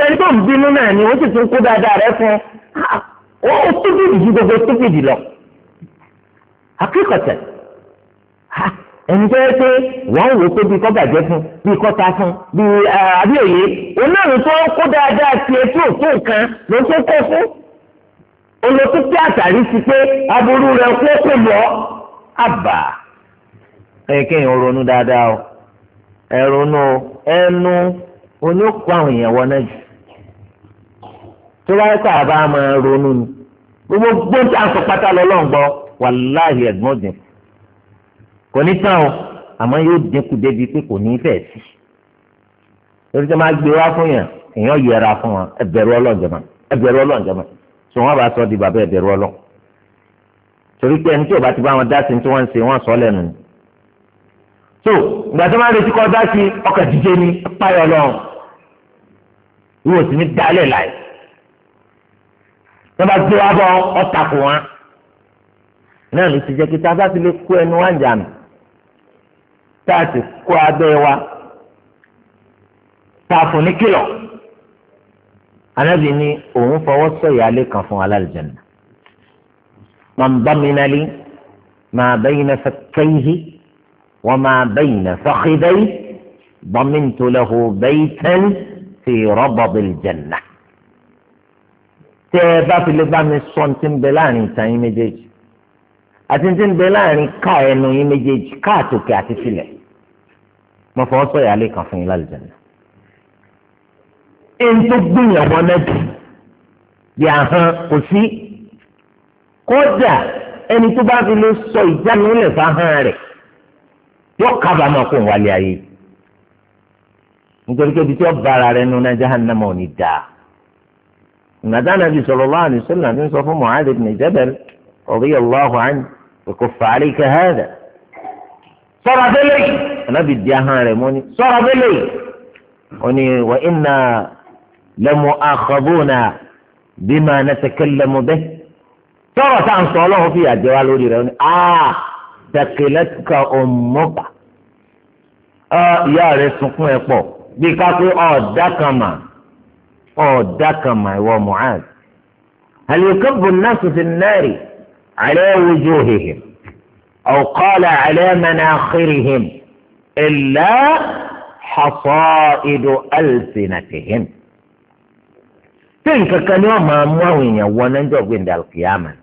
ẹni tó ń bínú náà ni ó sì tún kó dáadáa rẹ fún ọ ó stupid ju gbogbo stupid lọ akíkọ̀tẹ̀ ẹni tó yẹ pé wọ́n wò ó pé bí kọ́bàjẹ́ fún bí kọ́ta fún bí abíòye onáàrùn tó ń kó dáadáa ti etí òtún nǹkan ló tó kọ́ fún olótútù àtàrí ti pé aburú rẹ kó kó lọ àbà ẹ kéèyàn ronú dáadáa o ẹ ronú ẹnu oníkó àwọn èèyàn wọnà jù tó bá yẹ kó àbá máa ronú ni gbogbo gbóńtà sọ pátá lọ́lọ́ wàláhì ẹ̀gbọ́n dínkù kò ní tán o àmọ́ yóò dínkù débi pé kò ní fẹ́ sí torí tí wọ́n máa gbé wá fún yàn èèyàn yẹra fún wọn ẹbẹ̀rù ọlọ́ọ̀jọ̀mọ́ ẹbẹ̀rù ọlọ́ọ̀jọ̀mọ́ sọ wọn bá sọ di bàbá ẹbẹ̀rù ọlọ́ torí pé ẹni tí ò bá ti bá wọn dá sí tí wọ́n ń ṣe wọ́n sọ lẹ́nu ni so ìgbà tó máa retí kọ́ dá sí ọkọ̀ jíjẹ ní páyọ̀ lọ́wọ́ ìwò sí ní dálẹ̀ láì tó bá gbé wá bọ́ ọ̀tàkùn wọn náà ló ti jẹ́ kí tá a bá ti lè kó ẹnu wá ń jà mí tá a sì kó abẹ́ wa tá a fún ní kìlọ̀ anabi ni òun fọwọ́ sọ̀yà alẹ́ kan fún alálìjẹ̀nà man damina li ma bayna fakkayhi wa ma bayna fakhidayhi damintu lahu baytan fi rabadil janna tẹ́ ẹ bá fi lè bá mi sọ ní ti ń bẹ láàrin ìtàn yín méjèèjì. àti ti ń bẹ láàrin ká ẹnu yín méjèèjì ká àtòkè àti tilẹ̀ mo fọwọ́ sọ ìyáálé kan fún yín lálùjáde. ẹni tó gbìyànjú ọ̀nẹ́bí bí ahọ́n kò sí kódà ẹni tó bá fi lè sọ ìjánu lè fa hàn rẹ̀ yóò kábàámọ̀ kó ń wálé ayé nítorí pé tí wọ́n bá ara rẹ̀ nu náà jahannama ò dáa. ìgbà táwọn ẹbí sallallahu alaihi ti ń sọ fún Mu'adh ibn رضي الله عنه يكف عليك هذا صار بلي انا بدي هارموني صار بلي وني وانا لمؤاخذون بما نتكلم به ترى تعن صلاه فيها جوال وريروني اه تقلتك امك اه يا رسول الله بكاكو اه دكما اه دكما هو هل يكب الناس في النار على وجوههم أو قال على مناخرهم إلا حصائد ألسنتهم تلك كان يوم أموين يوانا جوك عند القيامة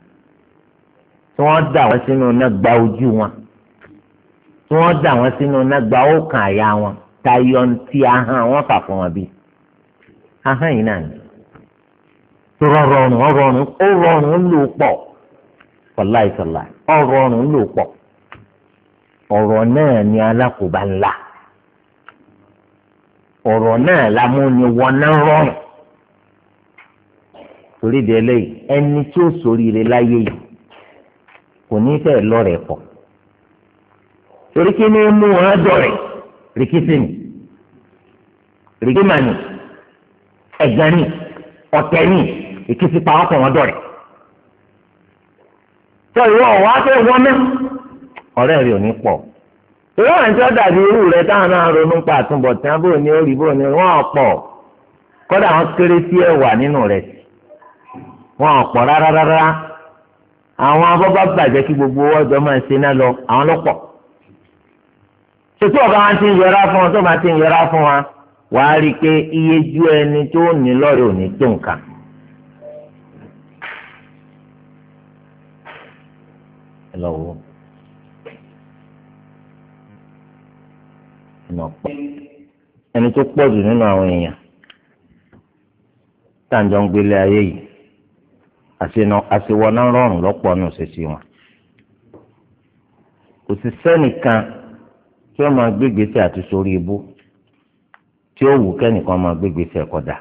تودى وسنو نقبع وجوا تودى وسنو نقبع وكايا تايونتي أها وفافوا بي هاي إنان ترى رون ورون ورون لوقو wàláì sọ̀la ọ̀rọ̀ ọ̀run ló pọ̀ ọ̀rọ̀ náà ni alákòóbá ńlá ọ̀rọ̀ náà lamúni wọná rọrùn torí di eléyìí ẹni tí ó ṣoríire láyé yìí kò ní fẹ́ lọ́rẹ̀ẹ́ pọ̀ torí kí ni mú wọn dọ̀rẹ̀ rìkísìnì rìkímànì ẹ̀gánì ọ̀tẹ̀ni ìkísípa ọkọ̀ wọn dọ̀rẹ̀. tọ ìwọ ọ̀wá fẹ́ wọ́n náà ọ̀rẹ́ rẹ̀ ò ní pọ̀ ìwọ àwọn dàbí irú rẹ̀ táwọn náà ronú pa àtúbọ̀tán bò ní orí bò ní wọ́n pọ̀ kọ́dà wọ́n kéré nínú rẹ̀ wọ́n pọ̀ rárá rárá àwọn bàjẹ́ kí gbogbo ọjọ́ máa ṣe náà lọ àwọn ló pọ̀ ọ̀gá ti fún lọ́wọ́. ẹni tó pọ̀ jù nínú àwọn èèyàn táǹjọ ń gbélé ayé yìí àṣewọ náà rọrùn lọ́pọ̀ ọ̀nà ṣèṣì wọn. kò sí sẹ́nìkan tí wọ́n máa gbégbèsè àti sórí ibú tí ó wù kẹ́nìkan máa gbégbèsè kódà.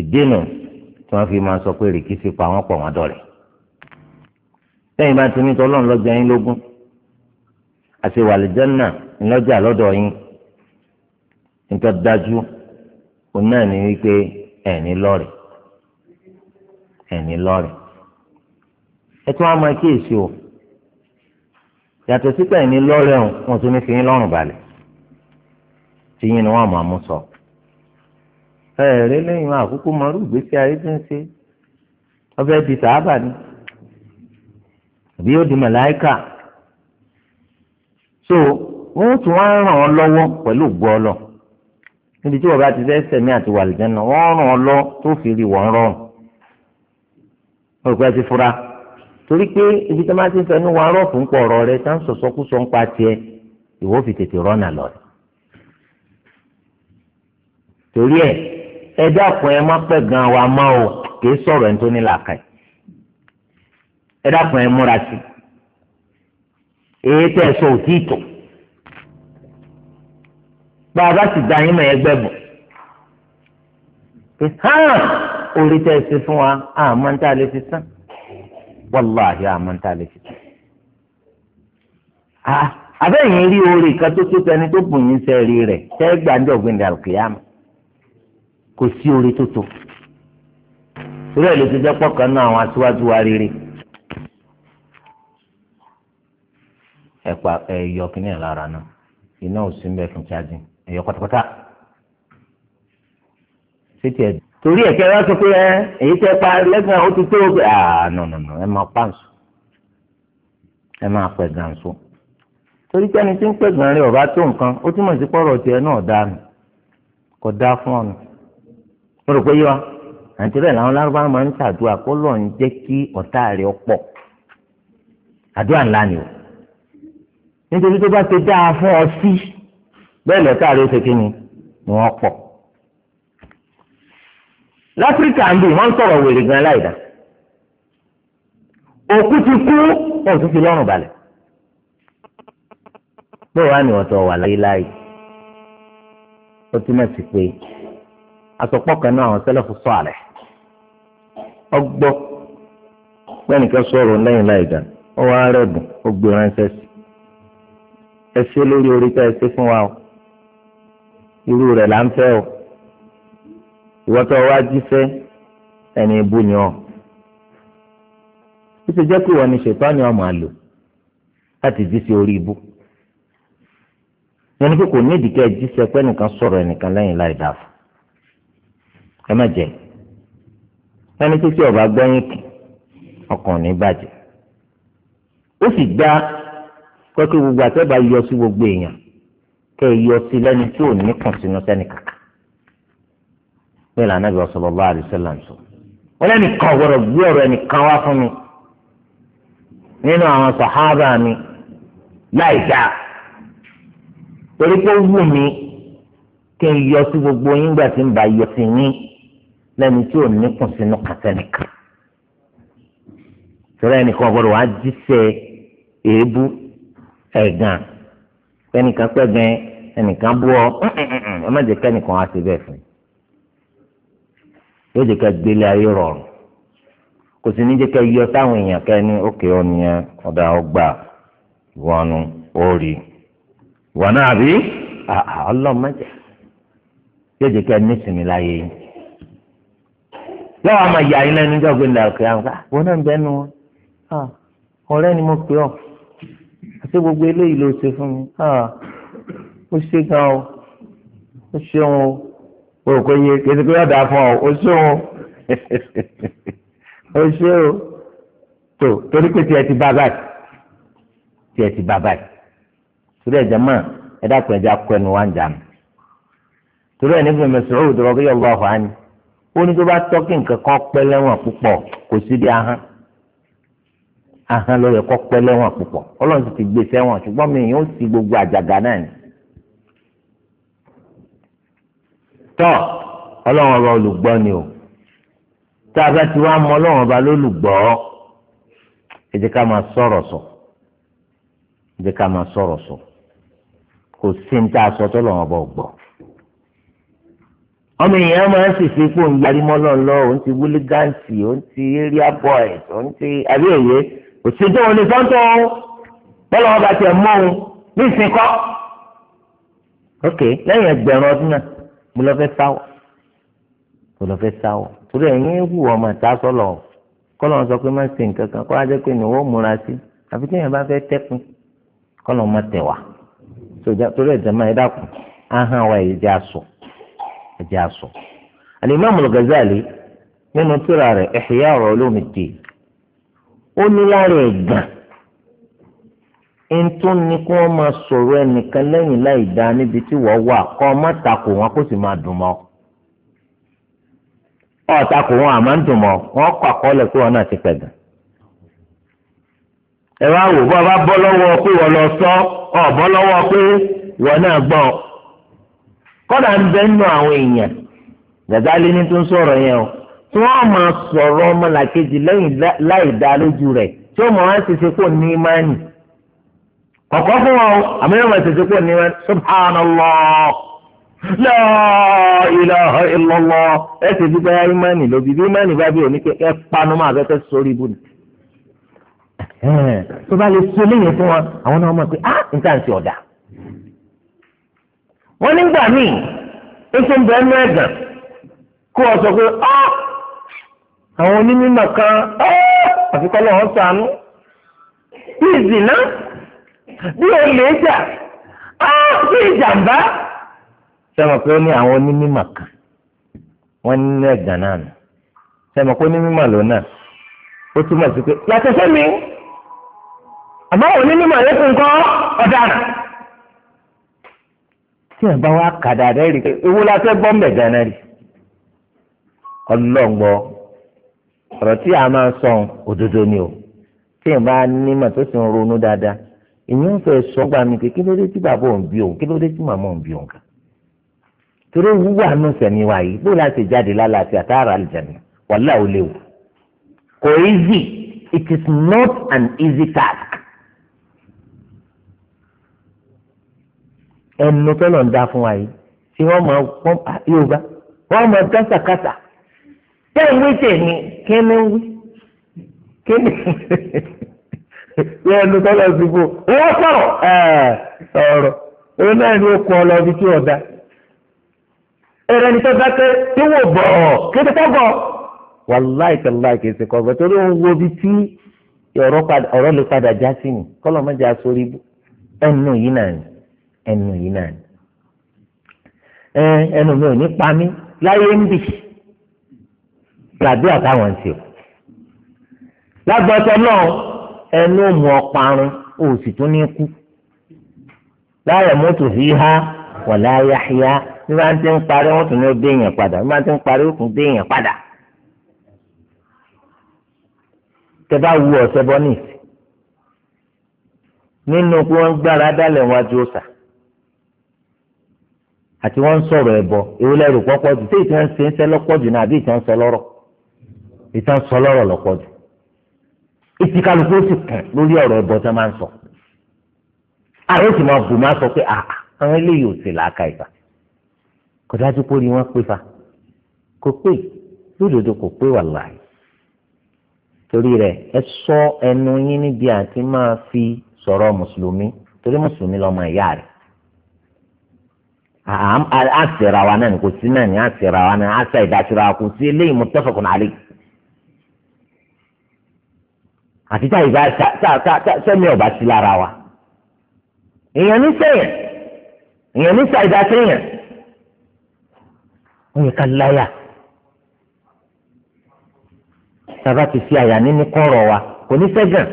ìdínà tí wọ́n fi máa sọ pé pa wọ́n pọ̀ wọ́n dọ̀rẹ́. sẹ́yìn bá ti ní tọ́lọ́run lọ́jà yín lógún àti wàlìjánà ńlọ́jà lọ́dọ̀ yín nǹkan dájú òun náà ní wípé ẹ̀ní lọ́rẹ̀ ẹ̀ní lọ́rẹ̀ ẹ tún wá máa kíyèsí o yàtọ̀ sípò ẹ̀ní lọ́rẹ̀ o wọn tún ní fi yín lọ́rùn balẹ̀ tí yín ni wọ́n máa mú sọ. ẹ̀ẹ́dẹ́gbẹ̀rún àkókò mọ́rú ìgbésí ayé ti ń ṣe ọbẹ̀ di sàábà ni àbí yóò di màláìkà so wọn ó tún wá ràn ọ lọ́wọ́ pẹ̀lú ògbó ọlọ níbi tí bàbá ti fẹ́ sẹ̀mí àti wàlìjẹ́nà wọ́n ràn ọ lọ tó fi rí wọ́n rọrùn olùkọ́ ẹ ti fura torí pé ibi tí wọ́n ti fẹnu wa rọ́ọ̀fù ń pọ̀ ọ̀rọ̀ rẹ tá ń sọ̀sọ́kúsọ ń pa tiẹ̀ ìwọ fi tètè rọ́nà lọ. torí ẹ ẹ dákun ẹ má pẹ́ gan wa mọ́ o kì í sọ̀rọ̀ ẹni tó ní làákàyè ẹ dákun ẹ múra sí èyí tẹ sọ òtí tó bá a bá sì dá yín mọ ẹgbẹ bọ pé hàn orí tẹ ṣe fún wa àmọ́ ń tà lè fi tán wàláhì àmọ́ ń tà lè fi tán àbẹ́yìn rí orí kan tó tó tẹni tó bùn yín sẹ́ẹ̀rí rẹ̀ tẹ́ gbàǹdọ̀ gbìndà òkèèyàn kò sí orí tó tó torí ló ti jẹ́ pọ̀ kan náà àwọn aṣíwájú wa rere. ẹ̀pà ẹ̀yọ kìíní ẹ̀ lára náà iná ò sí mbẹ́ fún ẹ̀yọ pátápátá títí ẹ̀ torí ẹ̀kẹ́ wá sọ pé ẹ èyí tẹ́ pa ó ti tó ah, no no no ẹ máa pàǹsù ẹ máa pẹ̀ gàǹsù torí kẹ́ni tí ń pẹ̀ gàn ọ̀bá tó nǹkan ó túmọ̀ sí pọ̀rọ̀ tiẹ̀ náà nù kò fún ọ̀nà mo rò pé yíwa bẹ́ẹ̀ nítorí tó bá ṣe dáa fún ọ sí bẹ́ẹ̀ lẹ́ka rẹ̀ ṣe kí ni ni wọ́n pọ̀. láfíríkà ń bì wọ́n sọ̀rọ̀ wèrè gan láìda òkú ti kú wọn tún fi lọ́rùn balẹ̀ bẹ́ẹ̀ wá ní ọ̀tọ̀ wà láyé láàyè ó túmọ̀ sí pé asopọ̀ kan náà àwọn sẹ́lẹ̀fù sọ àlẹ́ ọgbọ́ pẹ́ẹ́nìkan sọ̀rọ̀ lẹ́yìn láìda ọwọ́ arẹ́bùn ó gbé ránṣẹ́ sí ẹ ṣe lórí orí tá ẹ ṣe fún wa o irú rẹ̀ là ń fẹ́ o ìwọ́tọ̀ wá jíṣẹ́ ẹni ibú ni ọ́ ó ti jẹ́ pé ìwọ ni ṣètọ́ ni ọmọ àlò láti jíṣẹ́ orí ibú yẹn pé kò ní ìdíkẹ́ jíṣẹ́ pé sọ̀rọ̀ ẹnìkan lẹ́yìn láì dáa ẹ má jẹ ẹni tó tí ọba gbẹ́yìn kì ọkàn ní bàjẹ́ ó sì dá kọ́kọ́ gbogbo àtẹ́bà yọ sí gbogbo èèyàn kẹ́ ẹ yọ sí lẹ́ni tí ò ní kàn sínú sẹ́ni kàkà bẹ́ẹ̀ lànà bí sallallahu alaihi wasallam sọ wọ́n lẹ́nìkan gbọ́dọ̀ gbé ọ̀rọ̀ ẹnìkan wá fún mi nínú àwọn sàhábà mi láì dáa torí pé wù mí kí n yọ sí gbogbo yín gbà tí n bá yọ sí yín lẹ́ni tí ò ní kàn sínú kàtẹ́nìkan torí ẹnìkan gbọ́dọ̀ wá jíṣẹ́ èébú ẹ̀gàn kẹ́nìkan pẹ́gbẹ́ ẹnìkan bú ọ ẹ má jẹ́ kẹ́nìkan á ti bẹ́ẹ̀ fún yóò jẹ́ ká gbélé ayé rọrùn kò sì ní jẹ́ ká yọ táwọn èèyàn ká ní òkè ọ̀nìyàn ọ̀dà ọgbà ìwọ̀nù òòrì ìwọ̀nù àbí ọlọ́mọdé yóò jẹ́ ká ní láyé yìí lọ́wọ́ àmọ̀ ìyá yín lẹ́nu jọ́gbìn làkè àwọn ká wọn náà bẹ́ẹ̀ nu wọn ọ̀rẹ́ ni mo pè ọ́ àti gbogbo eléyìí ló ṣe fún mi ah, ó ṣe gan o ó ṣeun o o kò yẹ kéde pé ọ̀dà fún ọ ó ṣeun o ó ṣe o tó torí pé tiẹ̀ ti bá báyìí tiẹ̀ ti bá báyìí torí ẹ̀jẹ̀ mọ́ ẹ dákun ẹ̀jẹ̀ akọ ẹnu wá ń jà mí torí ẹ̀ nífẹ̀ẹ́ Mas'ud radiyallahu anhu ó ní tó bá tọ́kì nǹkan kan pẹ́ lẹ́wọ̀n púpọ̀ kò sí bí ahọ́n ahọ́n ló yẹ kọ́ pẹ́ lẹ́wọ̀n púpọ̀ ọlọ́run sì ti gbé sẹ́wọ̀n ṣùgbọ́n mi yóò sì gbogbo àjàgà náà ni. tọ́ ọlọ́run ọba olùgbọ́ ni o tá a bá ti wá mọ ọlọ́run ọba lólùgbọ́ ẹ jẹ́ ká máa sọ̀rọ̀ sọ ẹ jẹ́ ká máa sọ̀rọ̀ sọ kò sí ní tá a sọ tọ́lọ́run ọba ò ọmọ èèyàn máa ń sèse pò ń yarí mọ́ òun ti wúlígáǹtì òun ti area boys òun ti àbí òye òṣèjọ òní sọńtò ọhún bọlọ ọba tiẹ̀ mọ òun ní ìsìnkọ ok lẹ́yìn ẹgbẹ̀rún ọdún náà mo lọ fẹ́ sáwọ mo lọ fẹ́ sáwọ torí ẹ̀yin wù ọmọ ìta sọlọ kọlọ sọ pé má ṣe nǹkan kan kó ajẹ pé nìwọ múra sí àfi tí èèyàn bá fẹ́ tẹkùn kọlọ má tẹ wá torí ẹ̀jẹ̀ máa ẹ dákun ahọ́n wa ẹ̀jẹ̀ aṣọ ẹ̀jẹ̀ aṣọ Al-Imam Al-Ghazali nínú tírà rẹ̀ Ihya ó ní lára ẹ̀gàn ntún ni kí wọ́n máa sọ̀rọ̀ ẹnìkan lẹ́yìn láì dá níbi tí wọ́n wà kọ́ ọ má takò wọn kó sì máa dùn mọ́ ọ takò wọn àmọ́ ń dùn mọ́ wọ́n kọ́ àkọọ́lẹ̀ pé wọn náà ti ọ bọ́ lọ́wọ́ pé wọ́n náà gbọ́ kọ́dà ń bẹ́ nù àwọn èèyàn tí wọ́n máa sọ̀rọ̀ ọmọlàkejì lẹ́yìn láì dá lójú rẹ̀ tí ó máa ń ṣiṣẹ́ kó ní imáàní kọ̀kọ́ fún wọn àmì yóò máa ṣiṣẹ́ kó ní imáàní subhanallah la ilaha illallah ẹ ti fi gbáyà imáàní lóbi bí imáàní bá bí òní pé ẹ panu máa fẹ́ fẹ́ sórí ibùdó tó bá lè so léyìn fún wọn àwọn náà mọ̀ pé á nǹkan ti ọ̀dà wọ́n nígbà míì ó tún bẹ́ẹ̀ mú ẹ̀gàn kó o sọ pé ọ́. Ah, àwọn onímọ̀ kan ah, àfikọ́ lọ́wọ́ sànú bí ìzìnà bí olè jà ah, bí ìjàmbá sẹ́wọ̀n pé ó ní àwọn onímọ̀ kan wọ́n ní ẹ̀gàn náà nù sẹ́wọ̀n pé onímọ̀ ló náà ó túmọ̀ sí pé yàtọ̀ sẹ́mi àmọ́ àwọn onímọ̀ yẹn kò ń kọ́ ọ̀daràn tí ẹ̀ bá wá kàdà rẹ̀ rí i ewu la fẹ́ gbọ́ mẹ̀gàn náà rí ọlọ́ngbọ́n ọ̀rọ̀ tí a máa sọ òdodo ni o tí n bá nímọ̀ tó sì ń ronú dáadáa ìyẹn ń fẹ́ sọ gbà mí pé kí ló dé tí bàbá òun bí òun kí ló dé tí màmá òun bí òun kà torí wúwà nù sẹ̀mí wa yìí bó láti jáde lálàáfíà tá a rà àlùjáde wàhálà ò léwu kò easy it is not an easy task. ẹnu tọ́lọ̀ ń dá fún wa yìí tí wọ́n máa pọ́n ah, yorùbá wọ́n máa dá sàkàtà tẹ́ẹ̀wé tèmi kíni wí kíni yẹ ẹnu tọ́lọ̀ síbò wọ́n sọ̀rọ̀ sọ̀rọ̀ òun náà ni ó kọ́ ọ lọ bí tí ọ̀dà ẹ̀rọ ẹni tó dákẹ́ tí wò bọ̀ kéde tó bọ̀ wàláì tẹ̀láì kìí ṣe kọ́gbẹ́ torí òun wo bí tí ọ̀rọ̀ lè padà já sí mi kọ́lọ̀ mẹ́jọ sórí ẹnu yìí náà ni ẹnu yìí náà ni ẹnu mi ò ní pa mí láyé ń bì. gbàdúrà táwọn ń ṣe náà ẹnu ọparun o sì tún ní kú láyẹ mọtò fi há wà láyà híá bí wọn ti ń parí tún ní ó padà ti ń parí padà tẹ bá wu nínú pé wọn gbára dálẹ̀ àti sọ̀rọ̀ ewúlẹ́rù jù tí ìtàn ń ìtàn sọ lọ́rọ̀ lọ́pọ̀ jù etí kálukú sì kàn lórí ọ̀rọ̀ ẹ̀bọ tí wọ́n máa ń sọ àwọn èsì máa bù máa sọ pé ah, ah, àwọn eléyìí ò sì làákà ìfà kò dájú pé ni wọ́n pé fa kò pé lódodo kò pé wàláhì torí rẹ̀ ẹ sọ ẹnu yín níbi àti máa fi sọ̀rọ̀ mùsùlùmí torí mùsùlùmí lọ́mọ ìyá rẹ̀ àṣìra wa náà kò sí náà ní àṣìra wa náà àṣà ìdásíra kò sí eléyìí muttafaqun alayh àti tá ìbá tá tá tá sẹ́mi ọ̀bá sí lára wa èèyàn ní sẹ́yìn èèyàn ní sàìdá sẹ́yìn wọ́n yẹ ká láyà sábà ti fi àyà níní kọ́rọ̀ wa kò ní sẹ́gàn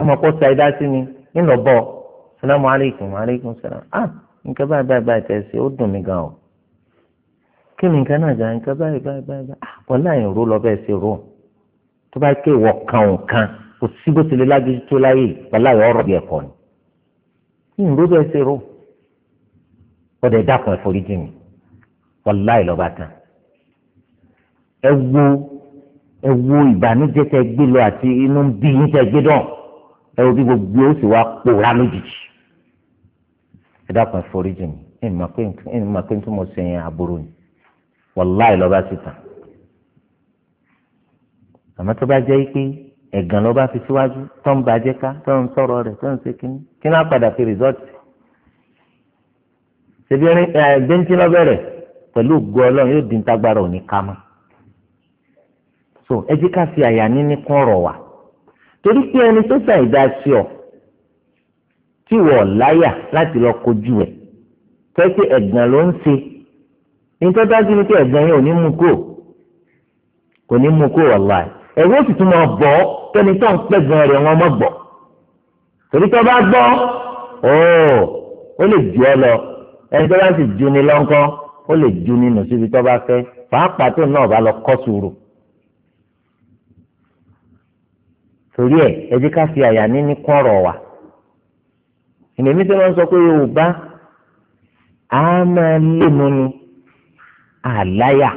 ọmọ kó sàìdá sí mi nínú bọ́ salamu aleykum aleykum salam ah nǹkan báyìí báyìí báyìí tẹ̀sí ó dùn mí gan o kí ni nǹkan náà jà nǹkan báyìí báyìí báyìí ah wọ́n láyìn ró lọ bẹ́ẹ̀ sí ró tó bá ké wọ̀ kan ò kan kò sí bó tilẹ̀ lájú tó láyè pàláyé ọ̀rọ̀ bí ẹ̀kọ́ ni yìí ń ró bẹ́ẹ̀ ṣe ró ọ̀dẹ̀ dákun ẹ̀fọ́ríjì mi wàláì lọ́ba tán ẹ wo ẹ wo ìbànújẹ́ tẹ gbé lọ àti inú bí yín tẹ gbé dán ẹ wo bí gbogbo ó sì wá pòórá lójijì ẹ dákun ẹ̀fọ́ríjì mi ẹ̀ ń mọ̀ pé ń tún mọ̀ sẹ́yìn àbúrò ni wàláì lọ́ba ti tàn àmọ́ tó bá jẹ́ pé ẹ̀gàn ló bá fi síwájú tó ń bàjẹ́ ká tó ń sọ̀rọ̀ rẹ̀ tó ń ṣe kíní kí náà padà fi rìsọ́ọ̀tì ṣèbí gbẹ́ntì lọ bẹ̀rẹ̀ pẹ̀lú ògo ọlọ́run yóò dín tágbára òní ká mọ́ so ẹ jẹ́ ká fi àyà níní kún ọ̀rọ̀ wa torí pé ẹni tó sàn ìdá sí ọ tí wọ́n láyà láti lọ kojú ẹ̀ tẹ́ pé ẹ̀gàn ló ń ṣe ní tó dájú ni pé ẹ̀gàn yẹn ò ní mú kó kò ní mú kó wàláì ẹ̀rú sì tún máa bọ̀ ọ́ kẹ́ni tó ń pẹ̀gàn rẹ̀ wọn mọ̀ gbọ̀ torí tó bá gbọ́ ọ́ọ́ ó lè jù ọ lọ ẹni tó bá sì ju ni lọ́nkọ́ ó lè ju nínú síbi tó bá fẹ́ pàápàá tó náà bá lọ kọ́ sùúrù. torí ẹ ẹ jẹ́ ká fi àyà níní kún ọ̀rọ̀ wa ìnìmí tí wọ́n sọ pé Yorùbá a máa lé mu ni àláyà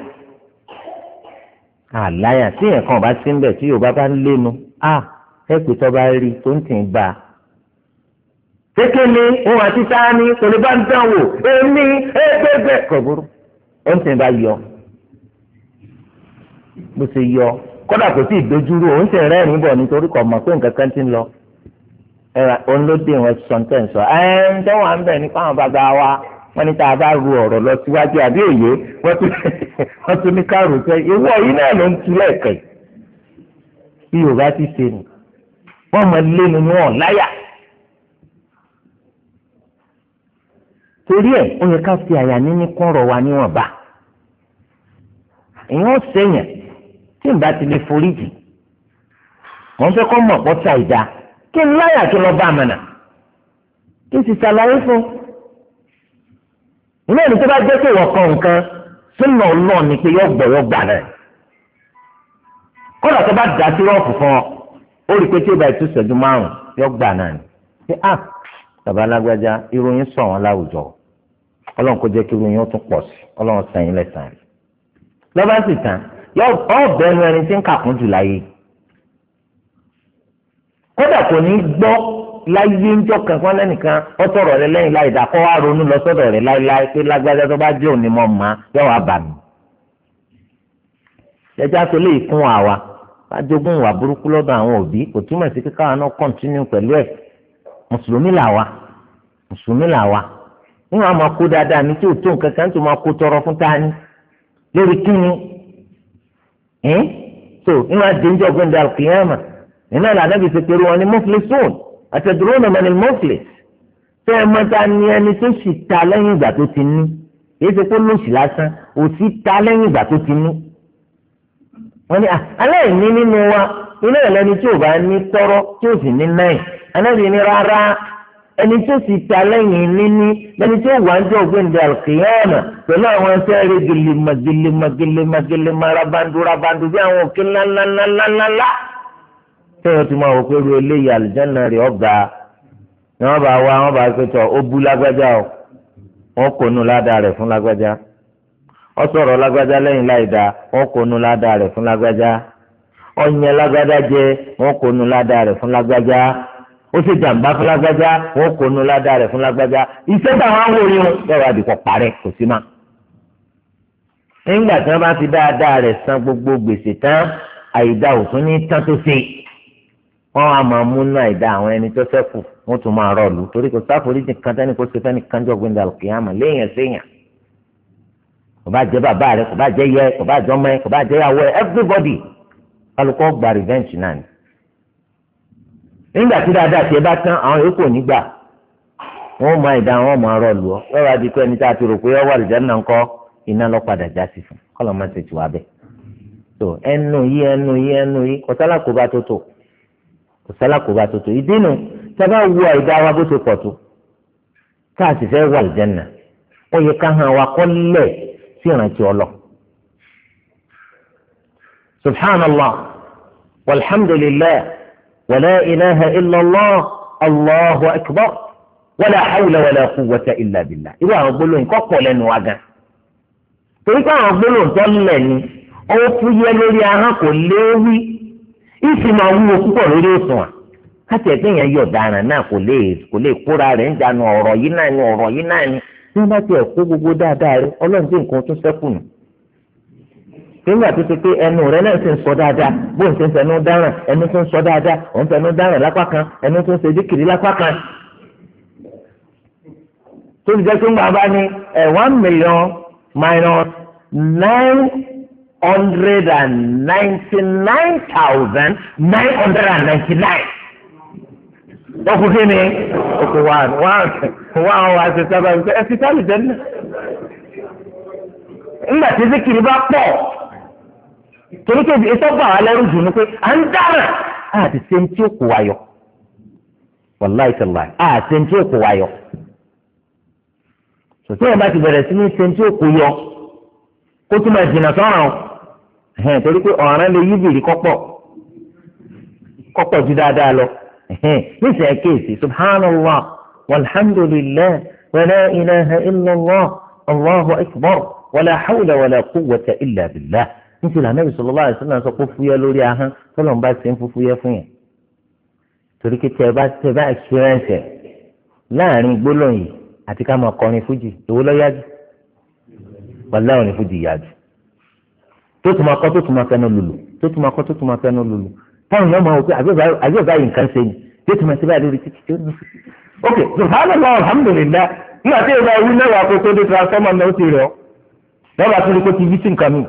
àláyà tí ẹ̀kan bá sí ń bẹ̀ tí yorùbá bá ń lénu a ẹ pè tó bá rí tó ń tì í bá a. kékeré òun àti sáání kò lè bá ń dán wò èmi ẹgbẹgbẹ kọ̀ọ̀bùrú ó ń tì í bá yọ bó ṣe yọ kódà kò tí ì dojúrú òun sì rẹ́rìn bọ̀ nítorí kò mọ̀ pé nǹkan kan ti ń lọ òun ló dé ìwọ̀n sọ̀ńtẹ̀ sọ ẹ̀ ń tẹ́wọ̀n à ń bẹ̀ nípa àwọn bàbá wa wọ́n ní tá a bá ru ọ̀rọ̀ lọ síwájú àbí òye wọ́n tún ní káàrò sẹ ewu ọyìn náà ló ń tu lẹẹkẹ bí yorùbá ti ṣe nù wọ́n mọ lẹ́nu wọn láyà. torí ẹ̀ ó yẹ ká fi àyà níní kún ọ̀rọ̀ wa níwọ̀nba èèyàn sẹ́yìn tí n bá ti lè foríjì mọ̀ n fẹ́ kọ́ mọ̀ pọ́tà ìdá kí n láyà kí lọ bá a kí n sì ṣàlàyé fún un. iná ẹni tó bá jẹ́ pé ìwọ kan nǹkan sínú ọlọ́ọ̀ ni pé yọ gbọ̀ gbà rẹ̀ kọ́dà tó bá dà sí rọ́ọ̀fù fún ọ ó rí i pé tí ó bá ètò ìṣẹ́jú márùn yọ gbà náà ni pé ah bàbá alágbájá ìròyìn sọ wọn láwùjọ ọlọ́run kó jẹ́ kí ìròyìn ó tún pọ̀ sí ọlọ́run sẹ́yìn lẹ́sàn án lọ́ba sì tán ẹni tí ń jù láyé láyé ńjọ kan fún ẹnìkan ó tọrọ rẹ lẹ́yìn láì dà kó wá ronú lọ sọ́dọ̀ rẹ láéláé pé lágbájá tó bá jẹ́ òní mọ́ mọ́ yóò wá bà mí. ẹja tó lè kún àwa bá jogún wà burúkú lọ́dọ̀ àwọn òbí kò túmọ̀ sí kíkà wọn náà kọ́ntínú pẹ̀lú ẹ̀ mùsùlùmí làwa mùsùlùmí làwa nínú àwọn akó dáadáa ní tí ò tó nǹkan kan tó máa kó tọrọ fún tani lórí kíni ẹ́ tó nínú àdéhùn ọgbẹ́ndà kìíyàmà nínú àlànà bí ṣe pẹ̀lú wọn ní muflisun àtẹ̀dúró nàmọ́ ni mọ́fìlẹ̀s tẹ́ ẹ mọ́ta ni ẹni tó sì ta lẹ́yìn ìgbà tó ti ní èyí ti kó lóṣì lásán òsì ta lẹ́yìn ìgbà tó ti ní. wọ́n ní aláìní nínú wa iná ìlẹ́ni tí ò bá ní tọ́rọ́ tí ò sì ní náì anábì ní rárá ẹni tó sì ta lẹ́yìn níní lẹ́ni tó wà ń jẹ́ ògbéǹde àlùkìyàmà pẹ̀lú àwọn ẹsẹ̀ rẹ̀ gèlèmà bí àwọn òkè ńláńláńláńláńlá tẹ́yọ̀ ti máa wò pé ru eléyìí àlùjáná rẹ̀ ọ̀gá ni wọ́n bá wá wọ́n bá ó bú lágbájá o wọ́n kò nu ládàá rẹ̀ fún lágbájá ó sọ̀rọ̀ lágbájá lẹ́yìn láì dáa wọ́n kò nu ládàá rẹ̀ fún lágbájá lágbájá jẹ wọ́n kò nu ládàá rẹ̀ fún lágbájá ó sì jàǹbá fún lágbájá wọ́n kò nu ládàá rẹ̀ fún lágbájá iṣẹ́ wò san gbogbo gbèsè tán ní tán wọn á máa mú náà ìdá àwọn ẹni tó ṣẹ́kù wọn tún máa rọlù torí kò sáforíjì kan tẹ́ni kó ṣe kan jọ kìyàmà léèyàn bàbá rẹ kò bá jẹ́ yẹ kò bá ọmọ ẹ kò bá jẹ́ ìyàwó ẹ everybody kálukọ́ gba revenge náà ni. nígbà tí dáadáa tiẹ̀ bá tán àwọn yòókù nígbà wọn máa ìdá ọ wọn wá di pé a ti rò pé kò sálà kò bá tuntun ìdí nu sábà wo àìdá wa bó ṣe pọ̀ tó tá a sì fẹ́ wà lìjẹ́nà ó yẹ ká hàn wá kọ́ lẹ̀ sí ìrántí ọlọ. subhanallah walhamdulillah wàlẹ́ ilaha illallah allahu akbar wala hawla wala quwwata illa billah irú àwọn gbólóhùn kọ́ pọ̀ lẹ́nu wa gan. torí pé àwọn gbólóhùn tó ń lẹ̀ ni ó fúyẹ́ lórí ahọ́n kò léwí. ìsì máa wúwo púpọ̀ lórí òṣùwọ̀n a ẹ̀gbẹ́ yẹn yọ̀ dáran náà kò lè kò lè kóra rẹ̀ ń dànù ọ̀rọ̀ yìí náà ni ọ̀rọ̀ yìí náà ni bí wọ́n bá ti gbogbo dáadáa ọlọ́run tí nǹkan tún sẹ́kù nígbà ẹnu rẹ náà ń sọ dáadáa bó ń ṣe ń fẹnu dáràn ẹnu tó ń sọ dáadáa òun fẹnu dáràn lápá ẹnu tó ń ṣe díkìrì lápá kan. tó jẹ́ ń hundred and ninety-nine thousand nine hundred and ninety-nine. ó kú kí ni ó kú wá wá wá wá ṣe sábà ẹ fi sábà jẹ ní. nígbà tí zikiri bá pọ̀ torí kejì ìtọ́gbà wa lẹ́rù jù ní pé à ń dára àti sẹ́ńtì òkú wáyọ̀ wàláì tẹ̀láì àti sẹ́ńtì òkú wáyọ̀ sọ̀tún ẹ̀ bá ti bẹ̀rẹ̀ sí ní sẹ́ńtì òkú yọ kó tún máa jìnnà sọ́ràn o hẹn torí pé ọ̀ràn lè yí bìrì kọ́pọ̀ kọ́pọ̀ ju dáadáa lọ hẹn nísìnyí kéèsì subhanallah walhamdulillah wala ilaha illallah allahu akbar wala hawla wala quwwata illa billah níṣẹ́ la Nabi sallallahu alaihi wasallam sọ pé fúyẹ́ lórí ahọ́n tọ́lọ̀ ń bá ṣe ń fún fúyẹ́ fún yẹn torí pé tẹ bá tẹ bá experience láàrin gbólóhùn àti ká máa kọrin fújì èwo ló yájú fújì yájú tó tún máa kọ́ tó tún máa fẹnu lùlù tó tún máa kọ́ tó tún máa fẹnu lùlù táwọn yóò máa wò pé àbí ọ̀gá yìí nǹkan ṣe ni tó tún máa ṣe báyìí lórí títí tó ní. ok subhanallah alhamdulillah nígbà tí ìgbà ewu náà wà kó tó dé transformer náà ó ti rọ lọ́ba tó ní kó ti yí sí nǹkan mi.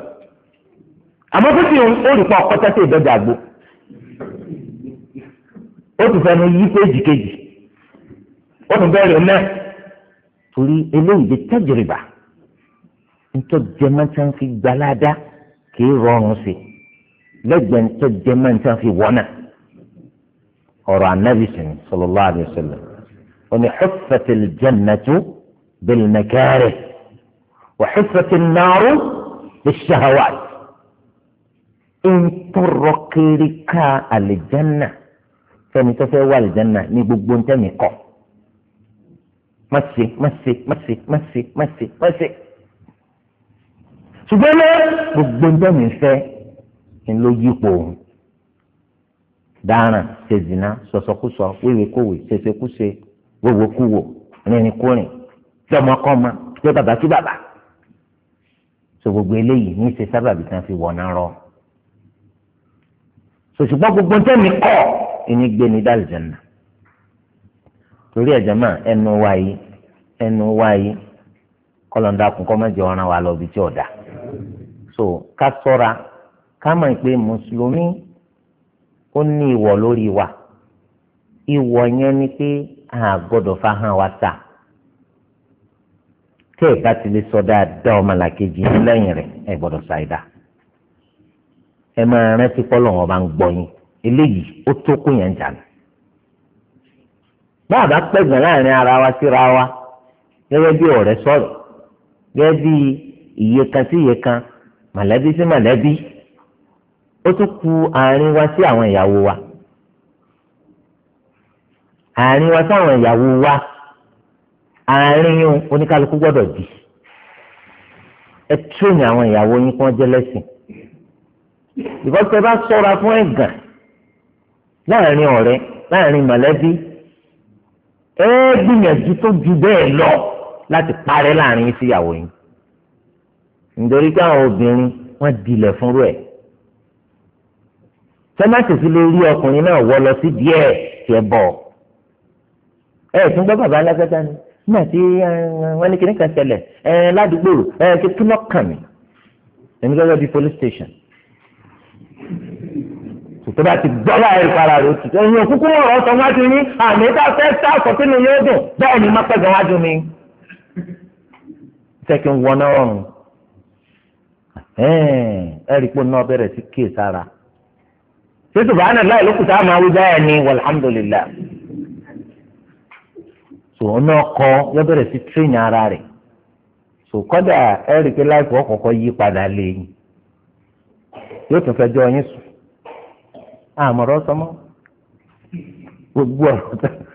àmọ́ tó ti ó rí pa ọkọ tẹ́tẹ́ ìdọ́jà àgbo ó ti fẹnu yí péjì kejì ó tún bẹ́ẹ̀ rẹ̀ náà torí eléyìí kì í rọrùn sí lẹ́gbẹ̀ẹ́ tó jẹ́ mẹ́rin tí wọ́n fi wọ́n náà ọ̀rọ̀ anabi sìn sallallahu alayhi wa sallam oní xuffatil jannatu bilmakari wa xuffatil naaru bishahawaat in tọrọ kiri ká alijanna fẹmi tó fẹ́ wá alijanna ní gbogbo ntẹ́mi kọ́ má ṣe má ṣe má ṣe ṣùgbọ́n lé gbogbo ń tẹ̀mí fẹ́ ń ló yípo òun dáràn ṣèzìnà sọ̀sọ̀kúsọ wíwèkúwè ṣèṣekúṣe wòwòkúwò rìnrìnkúrìn jọmọkọ́mọ jẹ bàbá kí bàbá so gbogbo eléyìí ní í ṣe sábàbí tán fi wọ̀nà rọ sòṣùpọ̀ gbogbo tẹ́mi kọ́ ẹni gbé ní dàlùjẹ̀nà torí ẹ̀jẹ̀ máa ẹnu wáyé ẹnu wáyé kọ́lọ́ndà kún kọ́ mẹ́jọ ọ̀ràn wa lọ bí tí ọ̀dà. so ká sọra ká mọ̀ pé mùsùlùmí ó ní ìwọ̀ wa ìwọ̀ yẹn ni pé a gbọ́dọ̀ wa ta tí ẹ̀ka ti lè sọ dáadáa ọmọlàkejì lẹ́yìn rẹ̀ ẹ gbọ́dọ̀ ṣàìdá ẹ máa rántí pọ́lọ̀ wọn bá ń gbọ́ yín eléyìí ó tó kó yẹn jà ní. láàrin ara wa síra wa gẹ́gẹ́ bí ọ̀rẹ́ sọ̀rọ̀ kan sí iye kan mọ̀lẹ́bí sí mọ̀lẹ́bí ó tún ku àárín wa sí àwọn ìyàwó wa àárín wa sáwọn ìyàwó wa àárín yín oníkálukú gbọ́dọ̀ di ẹ tún ní àwọn ìyàwó yín kí wọ́n jẹ́ lẹ́sìn ìbọ̀sẹ̀ bá sọ́ra fún ẹ̀gàn láàrin ọ̀rẹ́ láàrin mọ̀lẹ́bí ẹ gbìyànjú tó ju bẹ́ẹ̀ lọ láti parẹ́ láàrin yín sí yín nítorí pé àwọn obìnrin wọ́n dilẹ̀ fúnrú ẹ̀ sẹ́mẹ́tì sí lè rí ọkùnrin náà wọ́ lọ sí díẹ̀ tiẹ̀ bọ̀ ẹ̀ tún gbọ́ bàbá alágbádá ni nígbà tí wọ́n ní kíní kan ṣẹlẹ̀ ẹ̀ ládùúgbò ẹ̀ kí lọ́kàn mi èmi gbọ́dọ̀ di police station tó bá ti gbọ́dọ̀ àìpara rẹ̀ òtítọ́ ẹ̀yin òkúkú wọn ọ̀rọ̀ sọ̀rọ̀ wájú ní àmì tá a fẹ́ tá a yóò dùn bẹ́ẹ̀ ni má pẹ́ gan wájú mi. second one ọ̀run ẹ̀rí náà bẹ̀rẹ̀ sí kíyè sára ṣé subahana láì lókùtà máa ọ̀nà ọkọ bẹ̀rẹ̀ sí tírìnì ara rẹ̀ so kọ́dà ẹ̀rí pé láìpẹ́ ọ̀kọ̀ọ̀kọ̀ yí padà lẹ́yìn yóò tún fẹ́ jọ sùn àmọ̀rọ̀ sọmọ́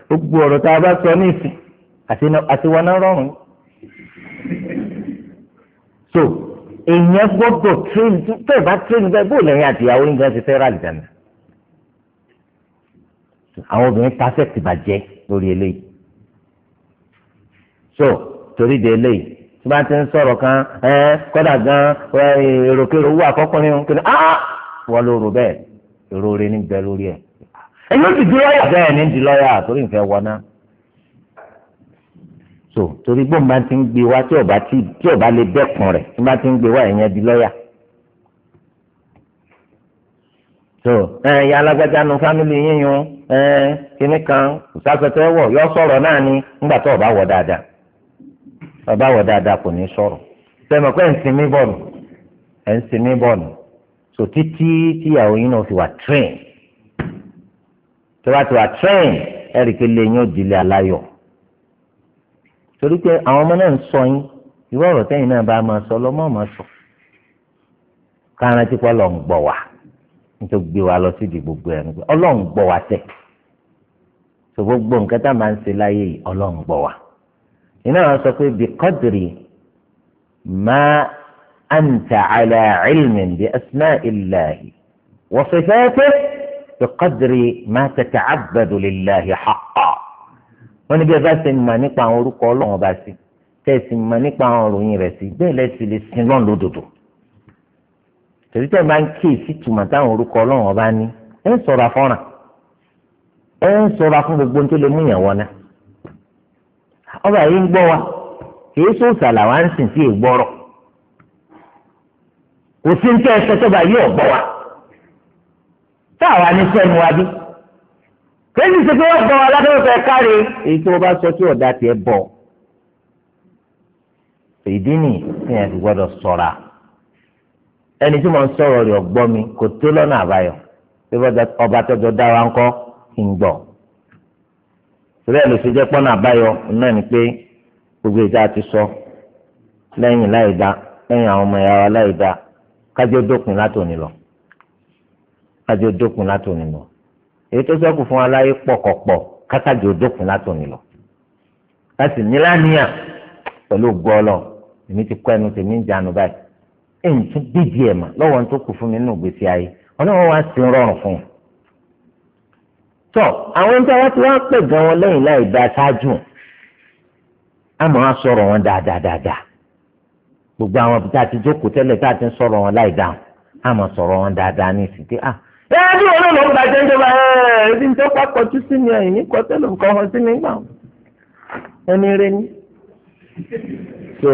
gbogbo ọ̀rọ̀ tá a bá sọ ní ìsìn àti wọn náà rọrùn so. èèyàn gbọ́dọ̀ tírẹ́nì tó ìbá tírẹ́nì bẹ́ẹ̀ bóòlù ẹ̀yìn àtìyàwó yín gan ti fẹ́ ràlì dáná. àwọn obìnrin pàṣẹtì bàjẹ́ lórí eléyìí. so torí de eléyìí tí wọ́n ti ń sọ̀rọ̀ kan ẹ kọ́dà gan èròkèrò wà kọ́kùnrin ń kéde áá ah, wọ́n ló rò bẹ́ẹ̀ èrò rẹ̀ ní bẹ́ẹ̀ lórí ẹ̀. ẹ̀yin ti di lọ́ọ̀yà bẹ́ẹ̀ ní di lọ́ọ̀yà torí ìfẹ́ wọná so torí gbọ́n bá ti ń gbé wá tí ọba tí tí ọba lè dẹ́kun rẹ̀ tí bá ti ń gbé wá ìyẹn di lọ́ọ̀yà. so ẹ ẹ alágbájá nu fámìlì yíyan ẹ kíní kan ìsásẹtẹ wọ yọ sọrọ náà ni nígbà tó ọba wọ dáadáa ọba wọ dáadáa kò ní sọ̀rọ̀ sẹmọ pé ẹ ń sinmi bọ́ọ̀nù ẹ ń sinmi bọ́ọ̀nù so títí tíyàwó yín náà fi wà train tí wàá ti wà train ẹ rí i pé lẹ́yìn òjìlẹ̀ aláyọ̀. torí pé àwọn ọmọ náà ń sọ yín irú ọ̀rọ̀ tẹ́yìn náà bá máa sọ lọ́mọ́ máa sọ kára tí pọ́ lọ́n gbọ́ wá nítorí gbé wa lọ síbi gbogbo ẹ̀ nígbà ọlọ́run gbọ́ wa tẹ̀ tó gbogbo nǹkan tá a máa ń ṣe láyé yìí ọlọ́run gbọ́ wa iná wọn sọ pé bí kọ́dìrì máa anta ala ilmin bi asma'illahi wa sifatihi bí kọ́dìrì máa tata'abbadu lillahi haqq wọ́n ní bí ẹ bá ṣe mà nípa àwọn orúkọ ọlọ́run ọba sí tẹ́ ẹ sì mà nípa àwọn òròyìn rẹ̀ sí bẹ́ẹ̀ lẹ́sìn lè sin lọ́n lódodo tòbí tẹ́ ẹ máa ń kíyèsí tùmọ̀ táwọn orúkọ ọlọ́run ọba ní ẹ ń sọ̀rọ̀ afọ́ràn ẹ ń sọ̀rọ̀ afún gbogbo tó lè mú yàn wọ́n náà ọba yìí ń gbọ́ wa kìí sọ sàlà wa ń sìn sí ìgbọ́rọ̀ kò sí ń tẹ́ ẹ sọ́tọ́ bá yóò gbọ́ wa táwa ní sẹ́nu wa bí. kéjì sí pé ó bọ̀ alábẹ́wọ̀fẹ́ káre èyí tó bá sọ tí ọ̀dà tiẹ̀ bọ̀ ẹni tí mo ń sọ̀rọ̀ rẹ̀ ọ̀gbọ́n mi kò tó lọ́nà ọba tọ́jọ́ dá wa ń kọ́ kí n gbọ̀ ló fi jẹ́ pọ́nà náà ni pé gbogbo ìdá ti sọ lẹ́yìn lẹ́yìn àwọn ọmọ ẹ̀yà wa èyí tó sẹ́kù fún aláyé pọ̀kọ̀pọ̀ kátàjì òdòkun látòní lọ láti níláníyàn pẹ̀lú gbọ́ọ̀lọ́ èmi ti kọ́ ẹnu tèmi ń jánu báyìí èyí tún dídì ẹ̀ mà lọ́wọ́ tó kù fún mi nínú ìgbésí ayé ọlọ́wọ́ wa ti rọrùn fún un. tọ́ àwọn ẹni tí wọ́n ti wá pè gan wọn lẹ́yìn láì dá ṣáájú àmọ́ á sọ̀rọ̀ wọn dáadáa gbogbo àwọn tá a ti jókòó tẹ́lẹ̀ tá a ti ń sọ̀rọ̀ wọn láì dáhùn àmọ́ sọ̀rọ̀ wọn dáadáa ní ìsìnkú ah ẹ ẹ bí wọn lọ bàjẹ́ ń jọba ẹ ẹ̀rí tó pápọ̀jú sí ni ẹ̀yìn ní kọ́tẹ́lù kan hàn sí nígbà wọn ní rẹ ní. so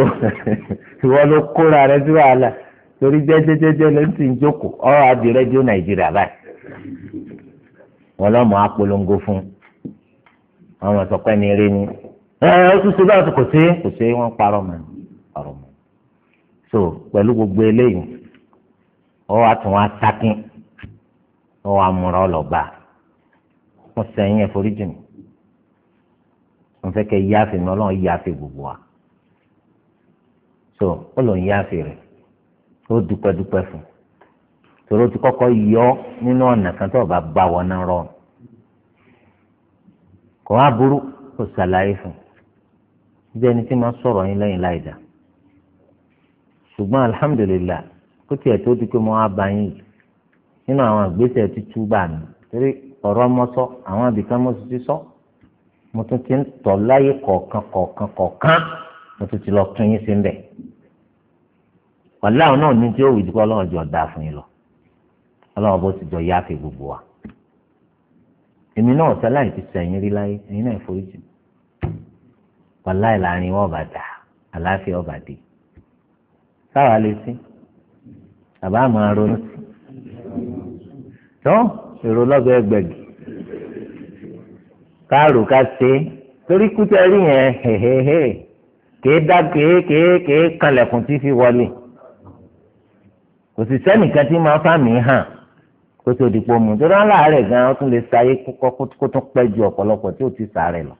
ìwọ ló kóra rẹ sí wàhálà torí jẹ́jẹ́jẹ́jẹ́ ló ti ń jókòó ọ̀rọ̀ àdì rẹ́díò nàìjíríà báyìí wọn lọ́mọ apolongo fún àwọn ọ̀sọ̀pẹ́ ní rẹ ní. ẹ ẹ ó tún ṣe báyìí kò sí kò sí wọn parọ́ mọ́ ọ̀rọ̀ mọ́ so pẹ̀lú gbogbo eléyìí ọ wa tún wa sakin múra ọ lọ bá a mo sẹ́yìn ẹ̀ forí jìn mo fẹ́ kẹ́ yáàfin mi ọlọ́run yáàfin gbogbo wa so ó lòun yáàfin rẹ̀ ó dúpẹ́ dúpẹ́ fún tòró ti kọ́kọ́ yọ nínú ọ̀nà kan tó bá bá wọn náà rọ kò wá burú kò ṣàlàyé fún jẹ́ ẹni tí máa sọ̀rọ̀ yín lẹ́yìn láì dá ṣùgbọ́n alihamudulilayi kó tiẹ̀ tó di pé mo wá bá yín nínú àwọn àgbésẹ̀ títú bá mi torí ọ̀rọ̀ mọ́ sọ àwọn àbíkan mo ti sọ mo tún ti ń tọ̀ láyé kọ̀ọ̀kan kọ̀ọ̀kan kọ̀ọ̀kan mo tún ti lọ tún yín sí ń bẹ̀. ọ̀làwọn náà ní tí ó wù dúpọ̀ ọlọ́run jọ dáa fún yín lọ ọlọ́run bó ti jọ yááfì gbogbo wa. èmi náà ọ̀sẹ̀ láì ti sẹ̀yìn rí láyé ẹ̀yin náà ìforíjì wàláì láàrin wọn ọba dà àláfíà ọba dé sáwà lè sí bàbá àmọ́ ronú sí. tó èrò lọ́gọ̀ ẹgbẹ̀gì káàrò ká ṣe torí kútẹ́ rí yẹn hehehe kèé dá kèé kèé kèé kanlẹ̀kùn tí fi wọlé kò sì sẹ́nìkan tí máa fàmì hàn kó tó dìpọ̀ mú tó dáná láàárẹ̀ gan-an ó tún lè sáyé kó tún pẹ́ ju ọ̀pọ̀lọpọ̀ tí ó ti sàárẹ̀ lọ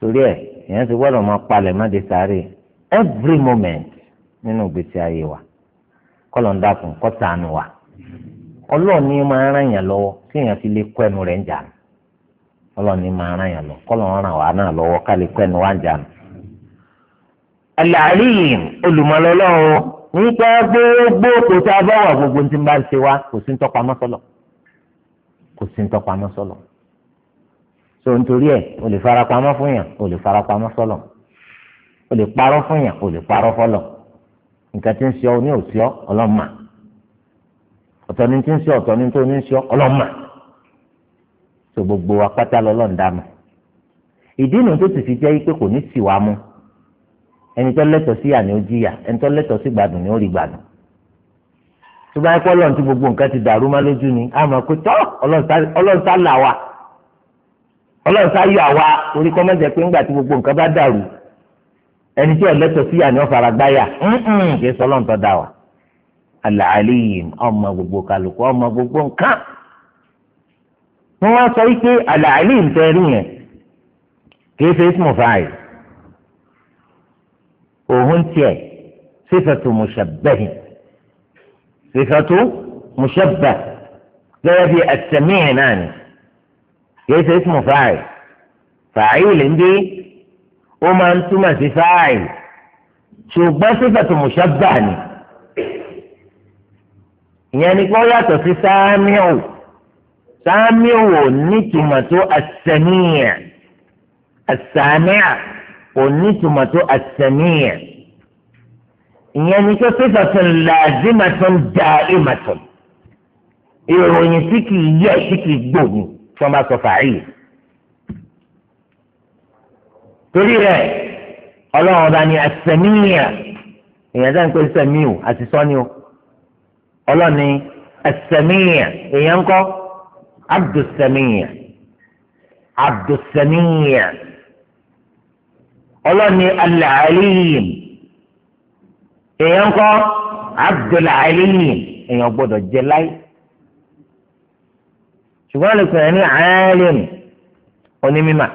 torí ẹ̀ èèyàn ti gbọ́dọ̀ máa palẹ̀ má de sáré every moment nínú ìgbésí ayé wa kọ́lọ̀ ń dákun kó ṣàánú wa ọlọ́ọ̀ni máa ń ràn yàn lọ́wọ́ kí èèyàn fi lè kọ́ ẹnu rẹ̀ ń jà nù ọlọ́ọ̀ni máa ń ràn yàn lọ kọ́lọ̀ ń ràn wá náà lọ́wọ́ ká lè kọ́ ẹnu wá ń jà nù. alaalim olùmọ̀lọ́lọ́wọ́ nípa gbogbo kò tá a gbogbo tí ń bá ṣe wá kò sí ń tọ́pamọ́ sọ́lọ̀ kò sí ń tọ́pamọ́ sọ́lọ̀ so nítorí ẹ̀ o lè farapamọ́ fún yàn o lè farapamọ́ sọ́lọ̀ o lè parọ́ fún yàn o lè parọ́ fọ́lọ̀ nǹkan tí ń ṣe ọ ní òṣìọ́ ọlọ́mọ ọ̀tọ̀ ni tí ń ṣe ọ̀tọ̀ ni tó ní ṣe ọlọ́mà tó gbogbo wa pátá lọ́lọ́run dá mà ìdí nu tó sì fi jẹ́ pé kò ní sì wá mú ẹni tó lẹ́tọ̀ọ́ sí yà ni ó jìyà ẹni tó lẹ́tọ̀ọ́ sí gbádùn ni ó rí gbádùn tó bá yẹ kó ọlọ́run tí gbogbo nǹkan ti dàrú má lójú ni á máa kó tọ́ ọlọ́run sá là wa ọlọ́run sá yọ àwa orí kọ́ mẹ́jẹ pé ńgbà tí gbogbo nǹkan bá dàrú ẹni tí ó sí yà ni ó fara gbáyà kì í sọ ọlọ́run tó dá wa. alaalim ọmọ gbogbo kálukú ọmọ gbogbo nǹkan wọn wá sọ wípé alalim tẹ rí yẹn kìí ṣe ismu fáyì òun tiẹ̀ sífẹtù mùsàbẹhìn sífẹtù mùsàbẹ gẹ́gẹ́ bíi ẹsẹmíì náà ni kìí ṣe ismu fáyì fàáyì lè ń bí ó máa ń túmọ̀ sí fáyì ṣùgbọ́n sífẹtù mùsàbẹ ni. ìyẹn ni kó yàtọ̀ sí sáàmìù sáàmìù onítùmọ̀ tó àsẹ̀míyà àsàmìà onítùmọ̀ tó àsẹ̀míyà ìyẹn ni kó sífàtún làzímàtún dàímàtún ìròyìn tí kì í yẹ tí kì í tí wọn bá sọ fàáyì torí rẹ̀ ọlọ́run ọba ni àsẹ̀míyà ìyẹn sáà ń sẹ̀míù àti sọ́niù ọlọ́ni ẹsẹ̀míyà èèyàn kọ́ abdulsẹ̀míyà abdulsẹ̀míyà ọlọ́ni alàlíyìn èèyàn kọ́ abdulàlíyìn èèyàn gbọ́dọ̀ jẹ láyé ṣùgbọ́n lè pè é ní àálẹ̀mù onímímà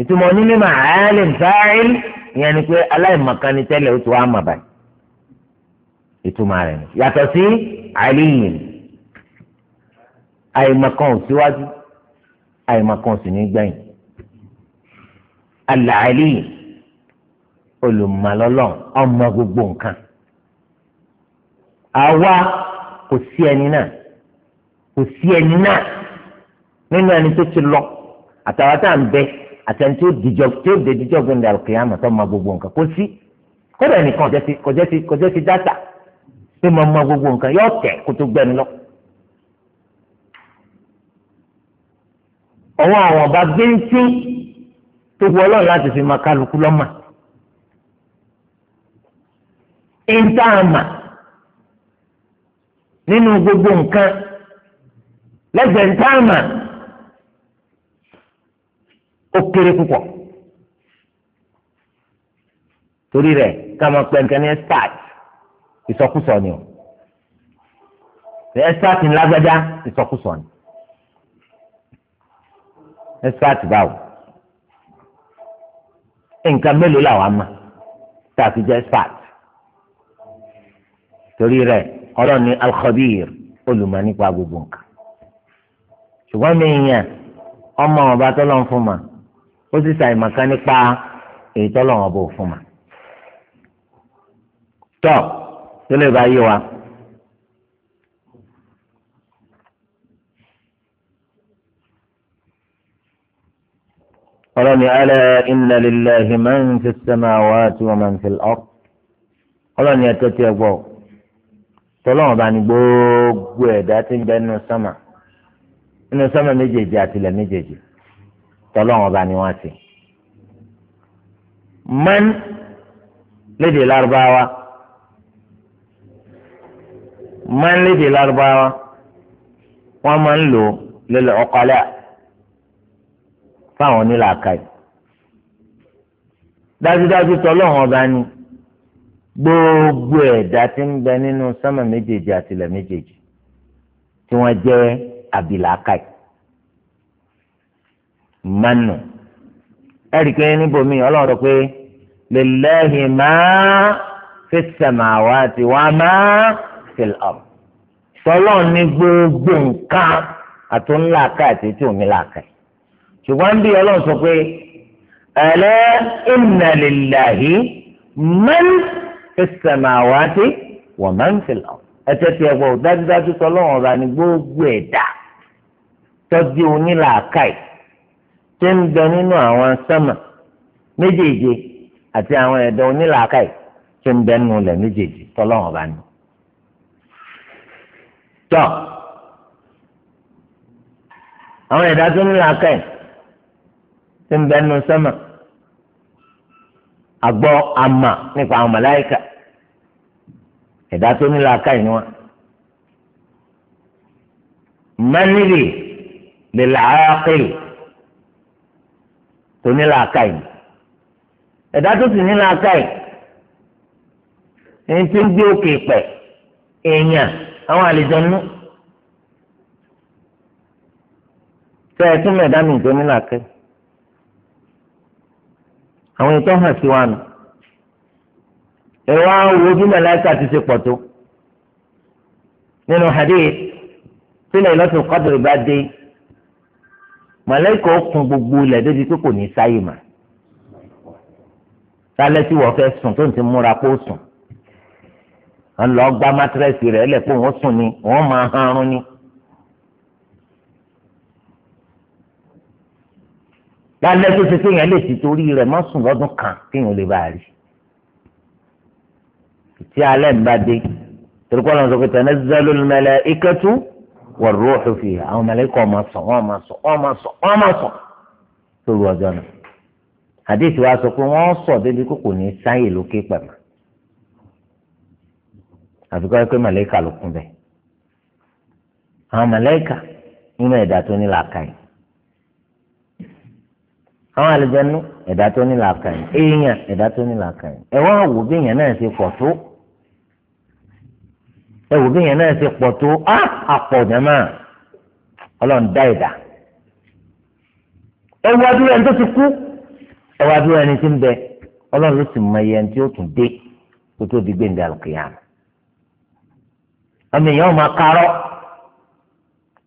ìtumọ̀ onímímà àálẹ̀mù fáìl ìyẹn ni pé aláìmọ̀kan ni tẹ́lẹ̀ ó ti wá mà báyìí ìtumọ̀ rẹ̀ ni yàtọ̀ sí àìlíyìn àìmọ̀kan ò síwájú àìmọ̀kan ò sì ní gbẹ̀yìn àlà àìlíyìn olùmọ̀lọ́lọ́ ọmọ gbogbo nǹkan àwa kò sí ẹni náà kò sí ẹni náà nínú ẹni tó ti lọ àtàwọn tá à ń bẹ àtẹni tó dìjọ tó dé dìjọ gbẹndàlùkìyàmọ tó mọ gbogbo nǹkan kò sí kódà ẹnìkan kọjá sí kọjá sí kọjá sí dáta pé mo mọ gbogbo nǹkan yóò tẹ̀ kó tó gbẹnu lọ. ọwọ́ àwọn ọba bíntín tó wọ ọlọ́run láti fi máa kálukú lọ́mà. ìntààmà nínú gbogbo nǹkan lẹ́gbẹ̀ẹ́ ìntààmà ó kéré púpọ̀ torí rẹ̀ ká máa pẹ́ nǹkan ní start ìsọkúsọ ni o ẹsítáàtì ńlágbájá ìsọkúsọ ni ẹsítáàtì báwo nǹkan mélòó làwọn ama tá a fi jẹ ẹsítáàtì torí rẹ̀ ọlọ́run ní alkhabir olùmọ̀ nípa gbogbo nǹkan ṣùgbọ́n mi yàn ọmọ ọba tọ́lọ́ fún ma ó sì ṣàì màkà nípa èyí tọ́lọ́ ọba ò fún ma tọ́. So, tó lè bá yé wa. ọlọ́ni alẹ́ inna lillahi man fi samawati wa man fil ard ọlọ́ni ẹ̀tọ́ tí ẹ gbọ́ tọ́lọ́wọ́n bá ní gbogbo ẹ̀dá tí ń bẹ nínú sánmà nínú sánmà méjèèjì àtìlẹ̀ méjèèjì tọ́lọ́wọ́n bá ní wọ́n ti. man lédè lárúbáwá máa ń lédè lárúbáwá wọ́n máa ń lò lọ́lẹ̀ ọ̀kọ́lẹ́ fáwọn onílàákàyè dájúdájú tọ́lọ́hún ọba ni gbogbo ẹ̀dá tí ń bẹ nínú sánmà méjèèjì àtìlẹ̀ méjèèjì tí wọ́n jẹ́ àbìlàákàyè mánu ẹ̀rí pé níbòmí ọlọ́run rọ pé lillahi máa fi samawati wa máa fil ard tọ́lọ́ ní gbogbo nǹkan àtúnlá káàtì tí omi là kà ṣùgbọ́n bí ọlọ́run sọ pé ẹ̀lẹ́ inna lillahi man fis samawati wa man fil ard ẹ̀tẹ́ tí ẹ gbọ́ dájúdájú tọ́lọ́run ọba ní gbogbo ẹ̀dá tọ́jú onílà káì tó ń bẹ nínú àwọn sánmà méjèèje àti àwọn ẹ̀dá onílà káì ń bẹ nínú ilẹ̀ méjèèje tọ́lọ́run ọba ní tọ́ àwọn ẹ̀dá tó ń rìn akẹ́ tí ń bẹ nínú sẹ́mà àgbọ̀ àmà nípa àwọn màláìkà ẹ̀dá tó ń ni wọn. mẹ́nìlì lè làákìlì tó ní làákàyè ẹ̀dá tó sì ní làákàyè ẹni tí ń gbé òkè pẹ̀ èèyàn àwọn àlejànú tẹ ẹ tún mẹ̀dá mi ìjọ nílà kẹ́ àwọn ètò hàn sí wa nù ẹ̀rọ àwọn ojú màláíkà ti ṣe pọ̀ tó nínú hadith sílẹ̀ lọ́sùn kọ́dùrú bá dé màláíkà ó kun gbogbo ilẹ̀ débi pé kò ní sáyè mà sálẹ́ tí wọ́n fẹ́ sùn tó ń ti múra kó sùn wọn lọ gbá mátírẹ́sì rẹ̀ lẹ̀ pé wọ́n sùn ni wọ́n máa harun ni. lálẹ́ tó ṣe kéèyàn lè ti torí rẹ̀ má sùn lọ́dún kan kéèyàn lè bá a rí. tí alẹ́ ń bá dé torí kọ́ lọ́nà sọ́kòtà ní zalul malaikatu war ruhu fiha àwọn mẹ́lẹ́kọ̀ ọmọ sọ wọ́n máa sọ wọ́n máa sọ wọ́n máa sọ lórí ọjọ́ náà. àdéhùn wa sọ pé wọ́n sọ débi kò kò ní sáyè lókè pẹ̀lú àfi kọ́ pé màlẹ́kà ló kún bẹ́ẹ̀ àwọn màlẹ́kà nínú ẹ̀dá tó ní làákàyè àwọn àlùjànnú ẹ̀dá tó ní làákàyè èèyàn ẹ̀dá tó ní làákàyè ẹ wá wò bí èèyàn náà ṣe pọ̀ tó wò bí èèyàn náà ṣe pọ̀ tó á àpọ̀ jẹ́mọ́ ọlọ́run dá ẹ̀dá ẹni tó àmì èèyàn máa karọ́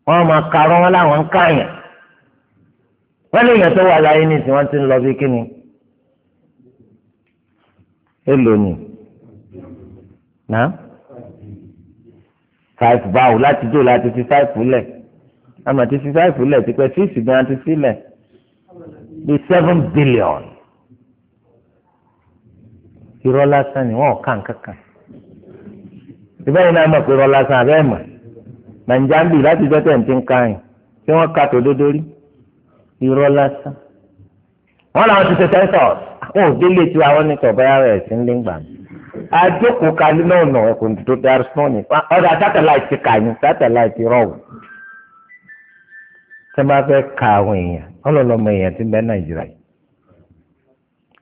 wọ́n máa karọ́ wọn láwọn ń káyàn wọ́n lè yàn tó wà láyé nìsín wọ́n ti ń lọ bí kíni èlò ni na five báwo láti dò láti fi five lẹ̀ àmà ti fi five lẹ̀ tipẹ́ six gan ti fi lẹ̀ bí seven billion irọ́ lásán ni wọ́n ò kà ń kankan. ìbẹ́yìn náà mọ̀ pé rọlá san abẹ́ mọ̀ nàìjíríà ń bì láti jọ́tẹ̀ ń ti ń tí wọ́n ka tó dódó rí irọ́ lásán. wọ́n làwọn ti ṣe sẹ́ńsọ̀ àwọn tí àwọn ní tọ̀ rẹ̀ sí ń lé ń gbà mí. àjókòó kalí náà nà ẹ̀kọ́ tó darí sùn ọ̀dà sátẹ̀láìtì kàyìn ka àwọn èèyàn ti bẹ́ nàìjíríà yìí.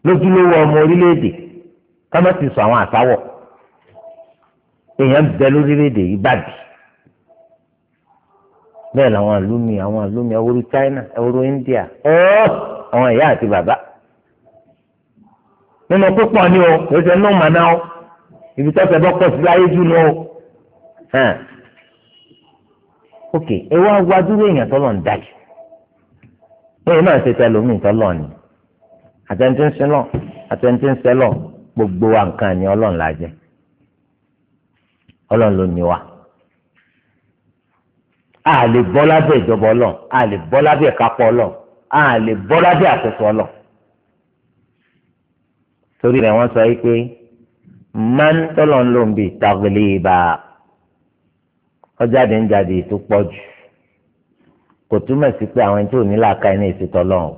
lójúlówó ọmọ orílẹ̀-èdè sọ èèyàn bẹ lórílẹ̀‐èdè yìí bàbí bẹ́ẹ̀ làwọn àlùmí àwọn àlùmí ẹwúrú China ẹwúrú India ọ́ àwọn ìyá àti bàbá nínú púpọ̀ ni o kò ṣe ní ọmọ náà ibi tó ṣe bọ́ pọ̀ sí láyé jù lọ ok ẹ wá wá dúró èèyàn tọ́lọ̀ ń dájú bẹ́ẹ̀ náà ṣe tẹ lómi tọ́lọ̀ ni àtẹ̀ntì ń sin lọ àtẹ̀ntì ń sẹ́lọ̀ gbogbo wa nǹkan ni ọlọ́run la jẹ́ ọlọ́run ló ní wa a lè bọ́ lábẹ́ ìjọba ọlọ́run a lè bọ́ lábẹ́ ìkápọ̀ ọlọ́run a lè bọ́ lábẹ́ àkóso ọlọ́run torí rẹ̀ wọ́n sọ yìí pé man tọ́lọ̀ ń lò ń bi tàgbélé ibà ọjáde ń jáde tó pọ̀ jù kò túmọ̀ sí pé àwọn tí ò ní làákà iná ìṣètò ọlọ́run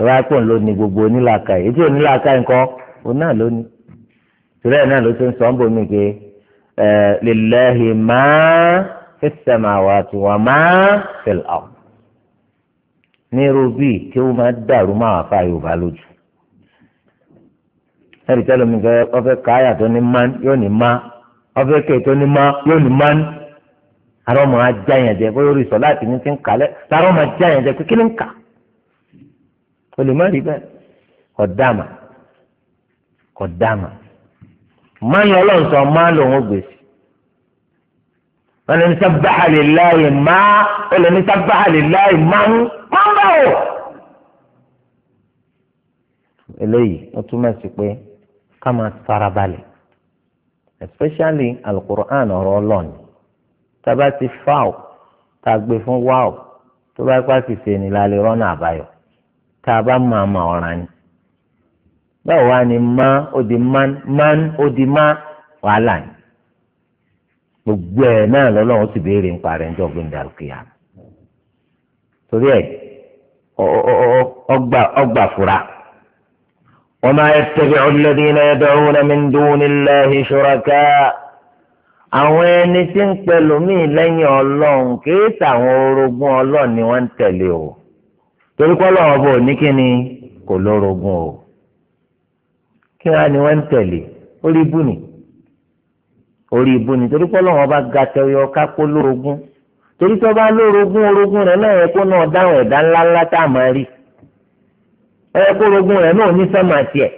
ìwà pọ̀ ń lò ní gbogbo onílàákà yìí ètò onílàákà yìí kọ́ òun náà ló tìrẹ náà ló ti ń sọ ń bomi ke ẹ lillahi ma fi samawati wa ma fil ard ní irú bíi kí wọ́n máa dàrú máa wà fáyọ̀ bá lójú ẹ̀rí tẹ́lẹ̀ mi gbẹ́ ọ̀fẹ́ káyà tó ní man yóò ní ma ọ̀fẹ́ kẹ̀ tó ní ma yóò ní man àrọ́ ọmọ ajá yẹn jẹ bóyá orí sọ láti ní ti ń kalẹ̀ tààrọ́ ọmọ ajá yẹn jẹ pé kí ni ń rí bẹ́ẹ̀ kò dáàmà kò dáàmà mánú ọlọ́run sọ má lòun ó gbèsè wọn ní sábàá lè láàyè má ó lè ní sábàá lè láàyè má ń má ń báwò. eléyìí ó túmọ̀ sí pé ká máa farabalẹ̀ especially alukur'an ọ̀rọ̀ ọlọ́ọ̀ni tábà ti fáwọ̀ tá a gbé fún wáwọ̀ tó bá pàṣẹ ṣe ni lálẹ́ rọ́nà àbáyọ tá a bá máa ma ọ̀ràn ni. báwo wá ni má ó di man man ó di má wàhálà ni gbogbo ẹ̀ náà lọ́lọ́run ti béèrè nípa rẹ̀ níjọ́ gbẹ̀ndé àlùkìyà torí ẹ̀ ọgbà fura. وما يتبع الذين يدعون من àwọn ẹni tí ń kìí sàwọn orogún ni ń o torí ní kíni kò o kí ń tẹ̀lé orí ni orí ibú ni torí pọ́lọ́ wọn bá ga lórogún torí tó bá lórogún orogún náà yẹ kó náà dáhùn ẹ̀dá ńláńlá tá a máa rí ẹ̀yẹ kó orogún rẹ náà ní sẹ́mà tiẹ̀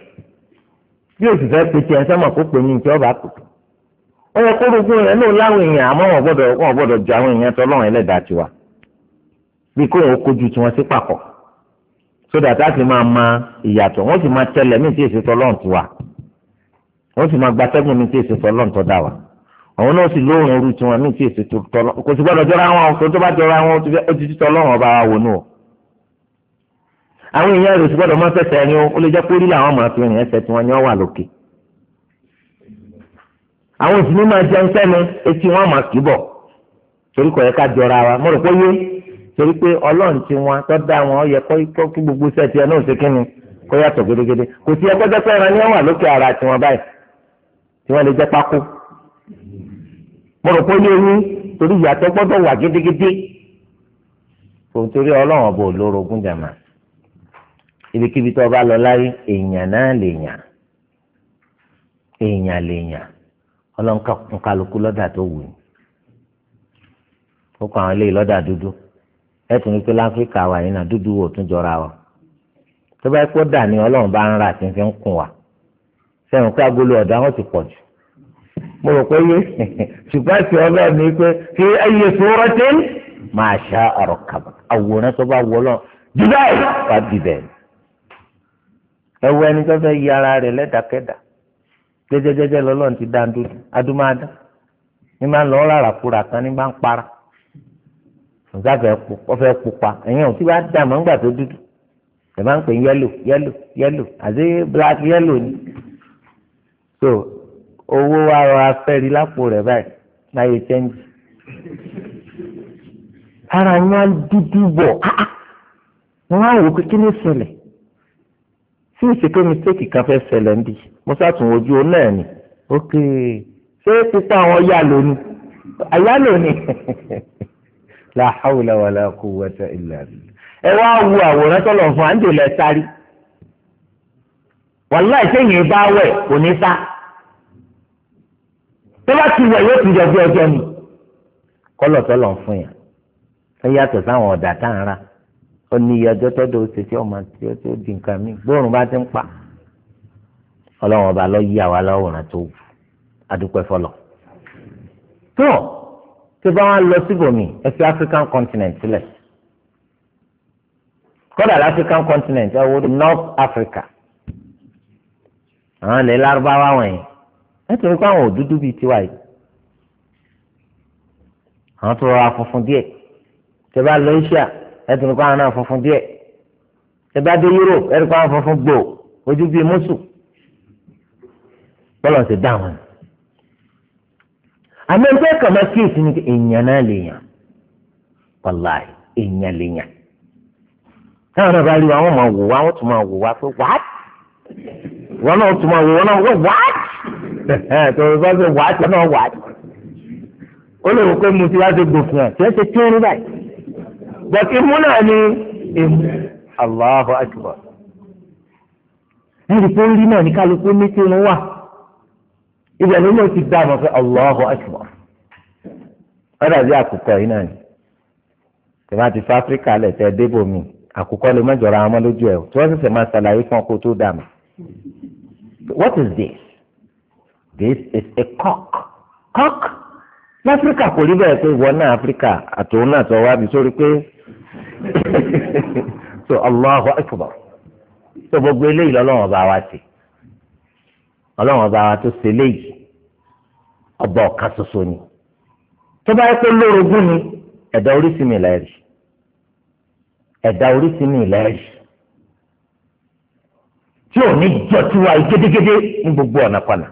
bí o sì fẹ́ pe tiẹ̀ sẹ́mà kó pè ní ìjọba kù ẹ̀yẹ kó orogún rẹ̀ náà láwọn èèyàn àmọ́ wọn gbọ́dọ̀ wọn bí kò sódà tá a ti máa ma ìyàtọ̀ wọ́n sì máa tẹlẹ̀ mí tí èsì tọ́lọ́run ti wà wọ́n sì máa gbatẹ́gùn mí tí èsì tọ́lọ́run tọ́ dà wa àwọn náà sì lóhùn ooru tiwọn mí tí èsì tọ́lọ́run kò sì gbọ́dọ̀ jọra wọn kò tó bá jọra wọn ó ti tọ́lọ́run ọba wa wò nù o. àwọn èèyàn rẹ̀ sì gbọ́dọ̀ máa fẹsẹ̀ ẹni o ó lè jẹ́ pé orí làwọn máa fi rìn ẹsẹ̀ tiwọn ni wọ́n wà lókè. àwọn òsì ní máa jẹun sẹ́nu etí wọn máa kì í bọ̀ torí pé ọlọ́run ti wọn tó dá wọn ọ yẹ kó kí gbogbo iṣẹ́ tiẹ̀ náà ṣe kínni kó yàtọ̀ gédégédé kò sí ẹgbẹ́ jẹ́pẹ́ ẹran ní ẹ̀wà lókè ara tiwọn báyìí tí wọ́n lè jẹ́ pákó mo rò pé ó yé yín torí ìyàtọ̀ gbọ́dọ̀ wà gédégédé kò torí ọlọ́run ọba olórogún jàmà ibikíbi tó bá lọ láyé èèyàn náà lè yàn èèyàn lè yàn ọlọ́run kálukú lọ́dà tó wù ú ó kọ àwọn eléyìí lọ́dà dúdú ẹ tún ní pé láfíríkà wa yìí náà dúdú wò tún jọra wa tó bá kó dà ní ọlọ́run bá ń rà tí ń fi ń kùn agolo ti pọ̀ jù mo rò pé yé ṣùgbọ́n ọlọ́run ní pé kí ayé sọ̀rọ̀ tí máa ṣá ọ̀rọ̀ kàbà àwòrán tó bá wọ lọ wà ẹ wọ ẹni tó fẹ́ yí ara rẹ̀ lẹ́dàkẹ́dà jẹ́jẹ́jẹ́jẹ́ lọ́lọ́run ti dá dúdú adúmáadá ní máa nǹkan ọ̀fẹ́ pupa ẹ̀yìn ò tí wàá dà mọ́ ńgbà tó dúdú ẹ̀ máa ń pè yẹ́lò yẹ́lò yẹ́lò àti black yẹ́lò ni so owó wa rọra fẹ́ẹ́rí lápò rẹ̀ báyìí láyé chẹ́ńjì ara yín á dúdú bọ̀ wọ́n á wò pé kí ló ṣẹlẹ̀ tí o sì pé mistake kan fẹ́ ṣẹlẹ̀ níbi mo ṣàtúnwò ojú ọ náà ni ok ṣé pípa àwọn yá lónìí àyá lónìí la hawla wala quwwata illa billah ẹ wá wo àwòrán tọ́lọ̀ fún àǹdè lẹ sáré wàláì sẹ́yìn bá wẹ̀ kò ní sá tó bá ti wẹ̀ yóò ti jọ bí ọjọ́ mi kọ́lọ̀ tọ́lọ̀ fún yàn ẹ yàtọ̀ sáwọn ọ̀dà tá à ń ó ní iye ọjọ́ tọ́dọ̀ ó tí ọmọ tí ó tó di nǹkan mi gbóòórùn bá ti ń pa ọlọ́run ọba lọ yí àwa láwòrán tó wù adúpẹ́ fọlọ́ tó tó bá wọn lọ síbòmí ẹ fi African continent sílẹ̀ kódà African continent ẹ wo North Africa àwọn ilẹ̀ lárúbáwá wọ̀nyí ẹ tó ń kó àwọn òdúdú bíi tiwa yìí àwọn tó rọra funfun díẹ̀ tó bá lọ Asia ẹ tó ń àwọn náà funfun díẹ̀ tó dé Europe ẹ tó ń kó àwọn funfun gbòò ojú bíi mùsù bọ́lọ̀ ti dá wọn àmọ́ ẹgbẹ́ kan máa kíyèsí ni èèyàn náà lèèyàn wàláì èèyàn lèèyàn táwọn náà bá rí wa wọ́n máa wò wá wọ́n tún máa wò wá pé wáàt wọ́n náà tún máa wò wọ́n náà wọ́n wáàt tòun bá ṣe wáàt wọ́n náà wáàt ó lè wò pé mo ti wá ṣe gbòfin ẹ̀ tí ẹ ṣe tún rí báyìí bọ̀tí imú náà ni èmú Allahu akbar ẹnì tó ń rí náà ní kálukú ní tí wà ibẹ̀ ni mo ti dá àmọ́ pé Allahu Akbar ọ̀dà bí àkùkọ yìí náà ni tẹ̀má ti fa áfíríkà lẹ̀ tẹ́ débò mi àkùkọ lè má jọra àwọn lójú ẹ̀ tí wọ́n sì sẹ̀ ṣàlàyé fún ọkọ̀ tó dà mọ́. What is this? This is a cock. Cock? Láfíríkà kò rí bẹ́ẹ̀ pé ìwọ náà Áfíríkà àtòun náà sọ wá bí sórí pé so Allahu Akbar so gbogbo eléyìí lọ́lọ́wọ́n bá wa sí i ọlọ́run ọba wa tó ṣe léyìí ọba ọ̀kan ṣoṣo ni tó bá yẹ pé lórogún ni ẹ̀dá oríṣi mi lẹ́rìí ẹ̀dá oríṣi mi lẹ́rìí tí ò ní jọ tiwa yìí gédégédé ní gbogbo ọ̀nà kọ̀nà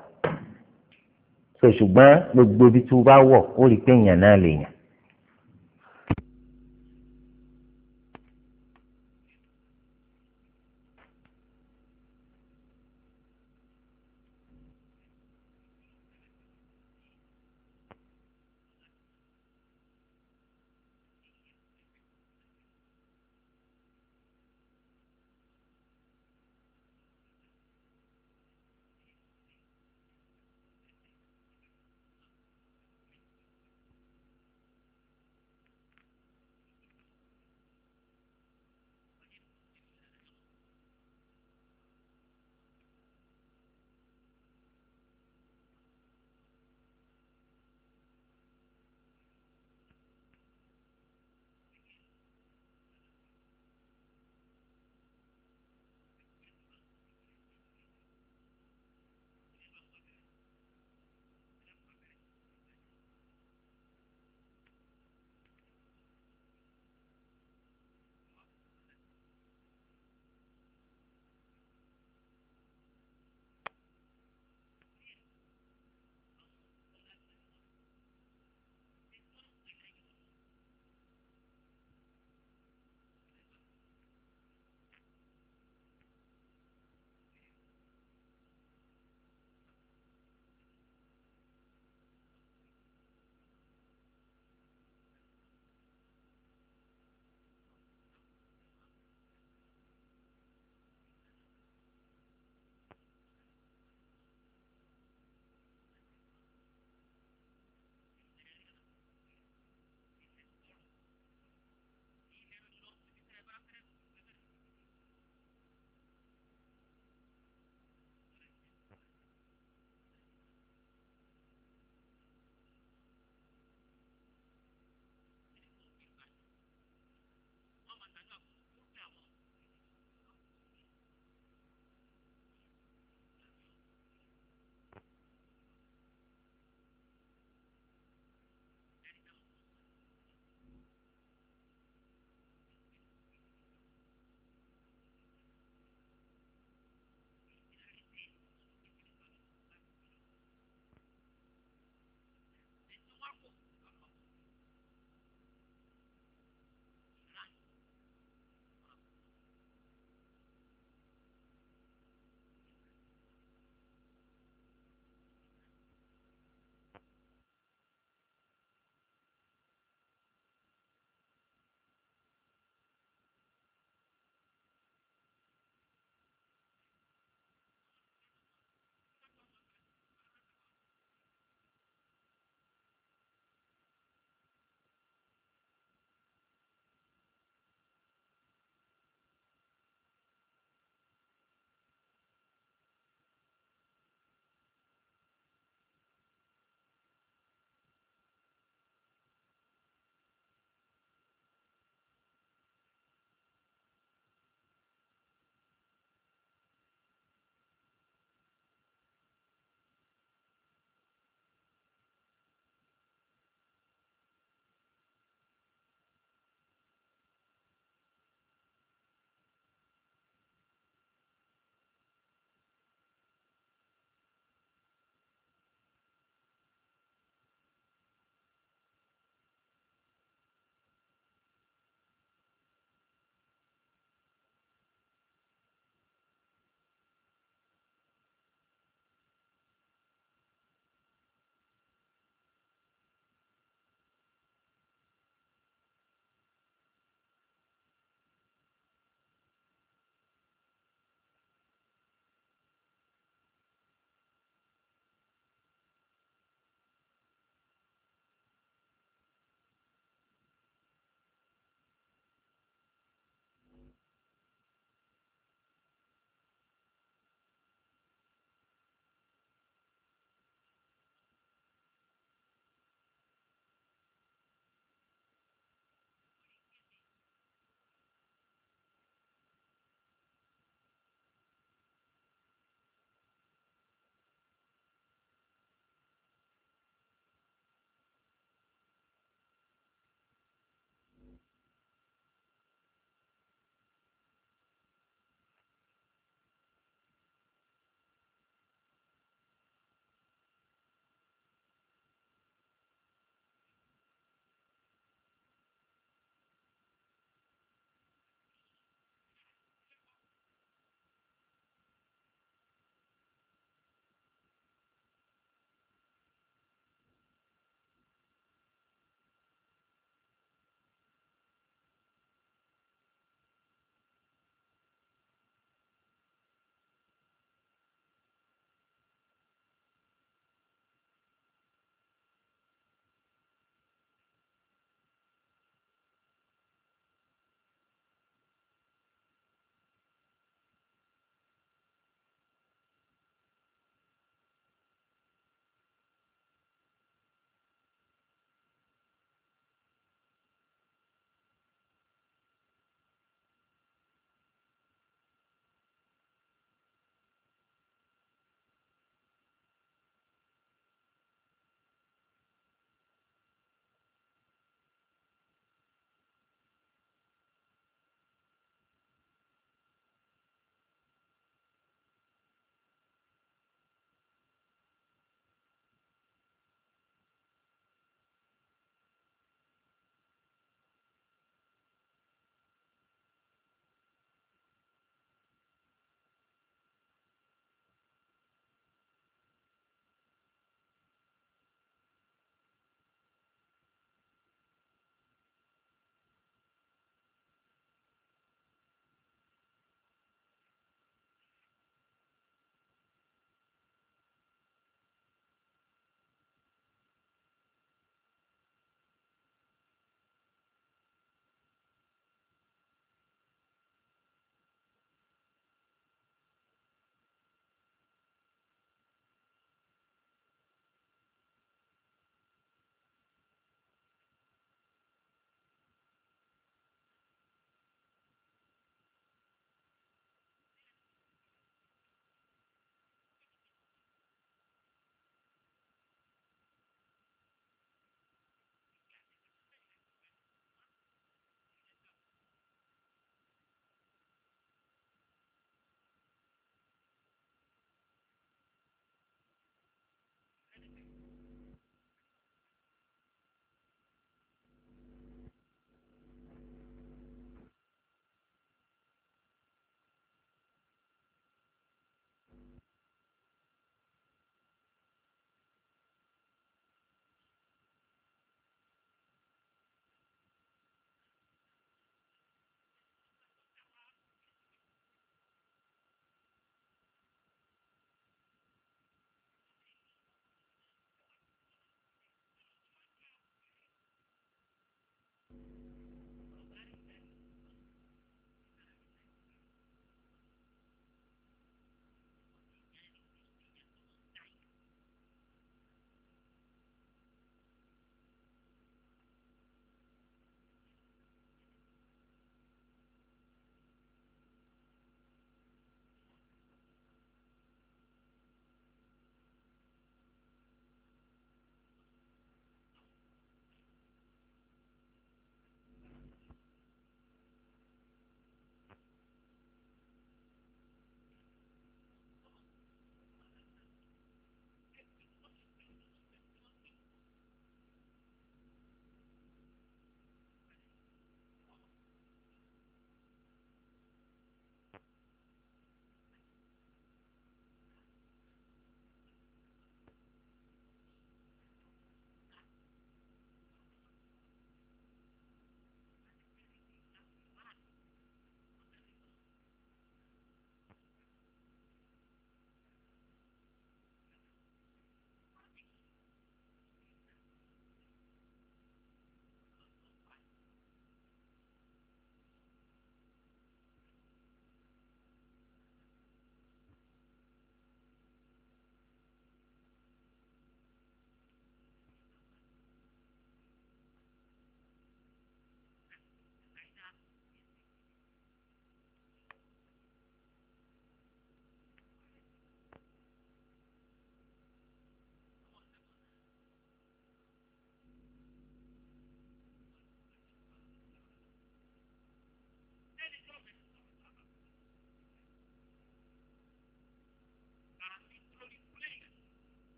ṣùgbọ́n gbogbo ibi tí o bá wọ̀ ó rí i pé èèyàn náà lè yàn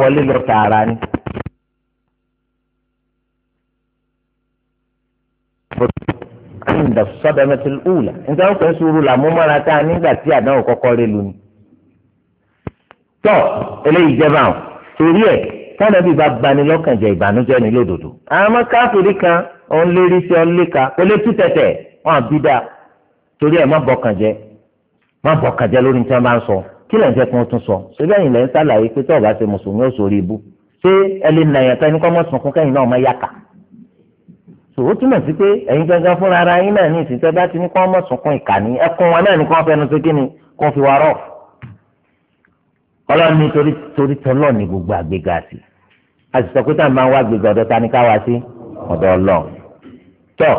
wọlé lọ tààrà ni. ìdàsọ́dọ̀mẹ́tì ùlà nígbà wọn fẹ́ sùúrù làmú mọ́ra tá a nígbà tí àdánwò kọ́kọ́ rí lu ni. tọ́ eléyìí jẹba ọ̀ torí ẹ̀ tánàbí bá bani lọ́kàn jẹ ìbànújẹ́ ní lódodo. àmọ́ káfíìrì kan òun lérí sí ọ léka lé tú tẹ̀tẹ̀ wọn àbí dáa torí ẹ̀ má bọkàn jẹ má bọkàn jẹ lórí tí wọn bá ń sọ kí lẹ́yìn fẹ́ kí wọ́n tún sọ ṣébí ẹ̀yin lẹ́yìn sàlàyé pé tí ọba ṣe mùsùlùmí ó sòrí ibú ṣé ẹ lè nà yàn tán ní kọ́ mọ́ sunkún kẹ́yìn náà mọ́ yàkà tò ó túmọ̀ sí pé ẹ̀yin gangan fúnra ara yín náà ní ìsìtẹ́ bá ti ní kọ́ mọ́ sunkún ìkànnì ẹkún wọn náà ní kọ́ fẹnu sí kí ni kó fi wá rọ̀ ọlọ́run ní torí torí tọ́lọ́ ní gbogbo àgbéga sí a sì sọ pé táwọn máa wá ni ká wá sí ọ̀dọ̀ ọlọ́run tọ́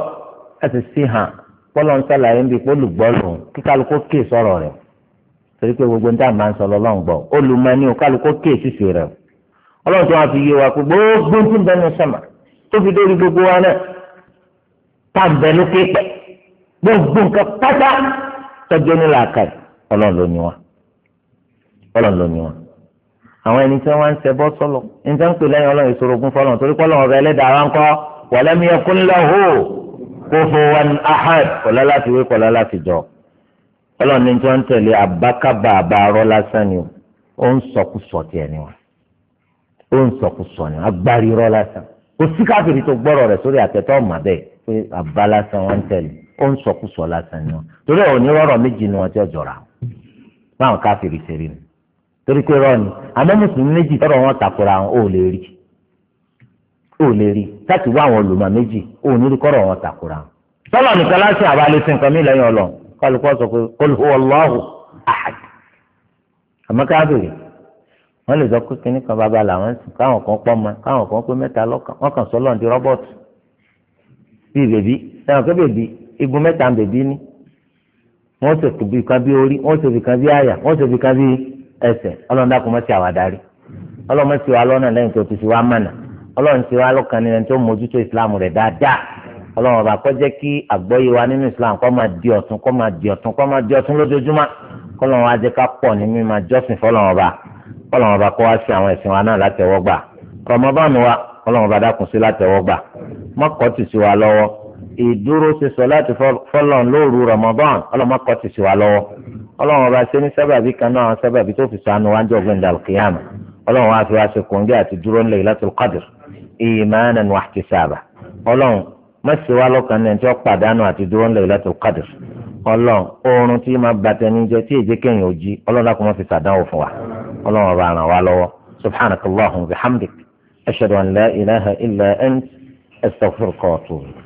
ẹ sì sí hàn pọ́lọ́ ń sàlàyé ń bi pólùgbọ́ lòun torí pé gbogbo níta máa ń sọ lọ́lọ́run gbọ́ olùmọ̀ọ́ni òkàlùkò kéèsìsì rẹ̀ ọlọ́run tó wá fi yé wa pé gbogbo tí ń bẹnu sọ̀mà tó fi dórí gbogbo wa náà tá ń bẹnu kéèpẹ̀ gbogbo nǹkan pátá tọ́jú ní làákàyè ọlọ́run ló ní wa ọlọ́run ló ní wa àwọn ẹni tí wọ́n ń ṣẹbọ sọ́lọ̀ ní tí wọ́n ń pè lẹ́yìn ọlọ́run ìṣòro ogun fọlọ́run torí pọ́lọ́run ọ̀rẹ́ ọlọ́run ní tí wọ́n ń tẹ̀lé àbákábà àbárọ́ lásán ni ó ń sọkúsọ tiẹ̀ ni wọn ó ń sọkúsọ ni agbárí rọ́ lásán kò sí káfíìrì tó gbọ́rọ̀ rẹ̀ sórí àtẹ̀tọ́ ọ̀mà bẹ́ẹ̀ pé àbá lásán wọ́n ń tẹ̀lé ó ń sọkúsọ lásán ni wọn torí òní rọ́rọ̀ méjì ni wọ́n ti ọ̀jọ̀ra báwọn káfíìrì ṣe rí ni torí pé rọ́ọ̀ni àmọ́ mùsùlùmí méjì tọ́rọ̀ wọn kálukú sọ pé qul huwa Allahu ahad àmọ́ káàbìrì wọ́n lè sọ pé kíní kan bàbá làwọn sùn káwọn kan pọ́ mọ́ káwọn kan pé mẹ́ta lọ́kàn wọ́n kàn sọ́lọ́ di rọ́bọ̀tù bíi bèbí sẹ́wọ̀n pé bèbí igun mẹ́ta ń bèbí ní wọ́n sì fi kan bí orí wọ́n sì fi kan bí àyà wọ́n sì fi kan bí ẹsẹ̀ ọlọ́run dákun mọ́ sí àwa ọlọ́run mọ́ sí lọ́nà ọlọ́run ọba kó jẹ́ kí àgbọ́yé wa nínú islam kó máa di ọ̀tún kó máa di ọ̀tún kó máa di ọ̀tún lójoojúmọ́ kọ́lọ́run wa jẹ́ ká pọ̀ ní mímọ́ jọ́sìn fọlọ́run ọba kọ́lọ́run ọba kó wá sí àwọn ẹ̀sìn wa náà látẹ̀wọ́gbà rọmọbánu wa kọ́lọ́run ọba dákun sí látẹ̀wọ́gbà mọ́kọ́ ti sí wa lọ́wọ́ ìdúró ṣe sọ láti fọlọ́run lóru rọmọbán ọlọ́mọkọ́ ti sí wa lọ́wọ́ ọlọ́run ọba ṣe láti kọ́dìr ìmánan wàhtisábà ọlọ́run mọ̀sí wa lọ́kàn náà tí wọ́n pàdánù àti dúró ńlẹ̀ láti kádìr ọlọ́run oorun tí máa ba tẹni jẹ tí èjì kẹyìn ò jí ọlọ́run kò mọ̀ fi sàdánwò fún wa ọlọ́run ọba ràn wá lọ́wọ́ subhanakallahumma wa bihamdik ashhadu an la ilaha illa ant astaghfiruka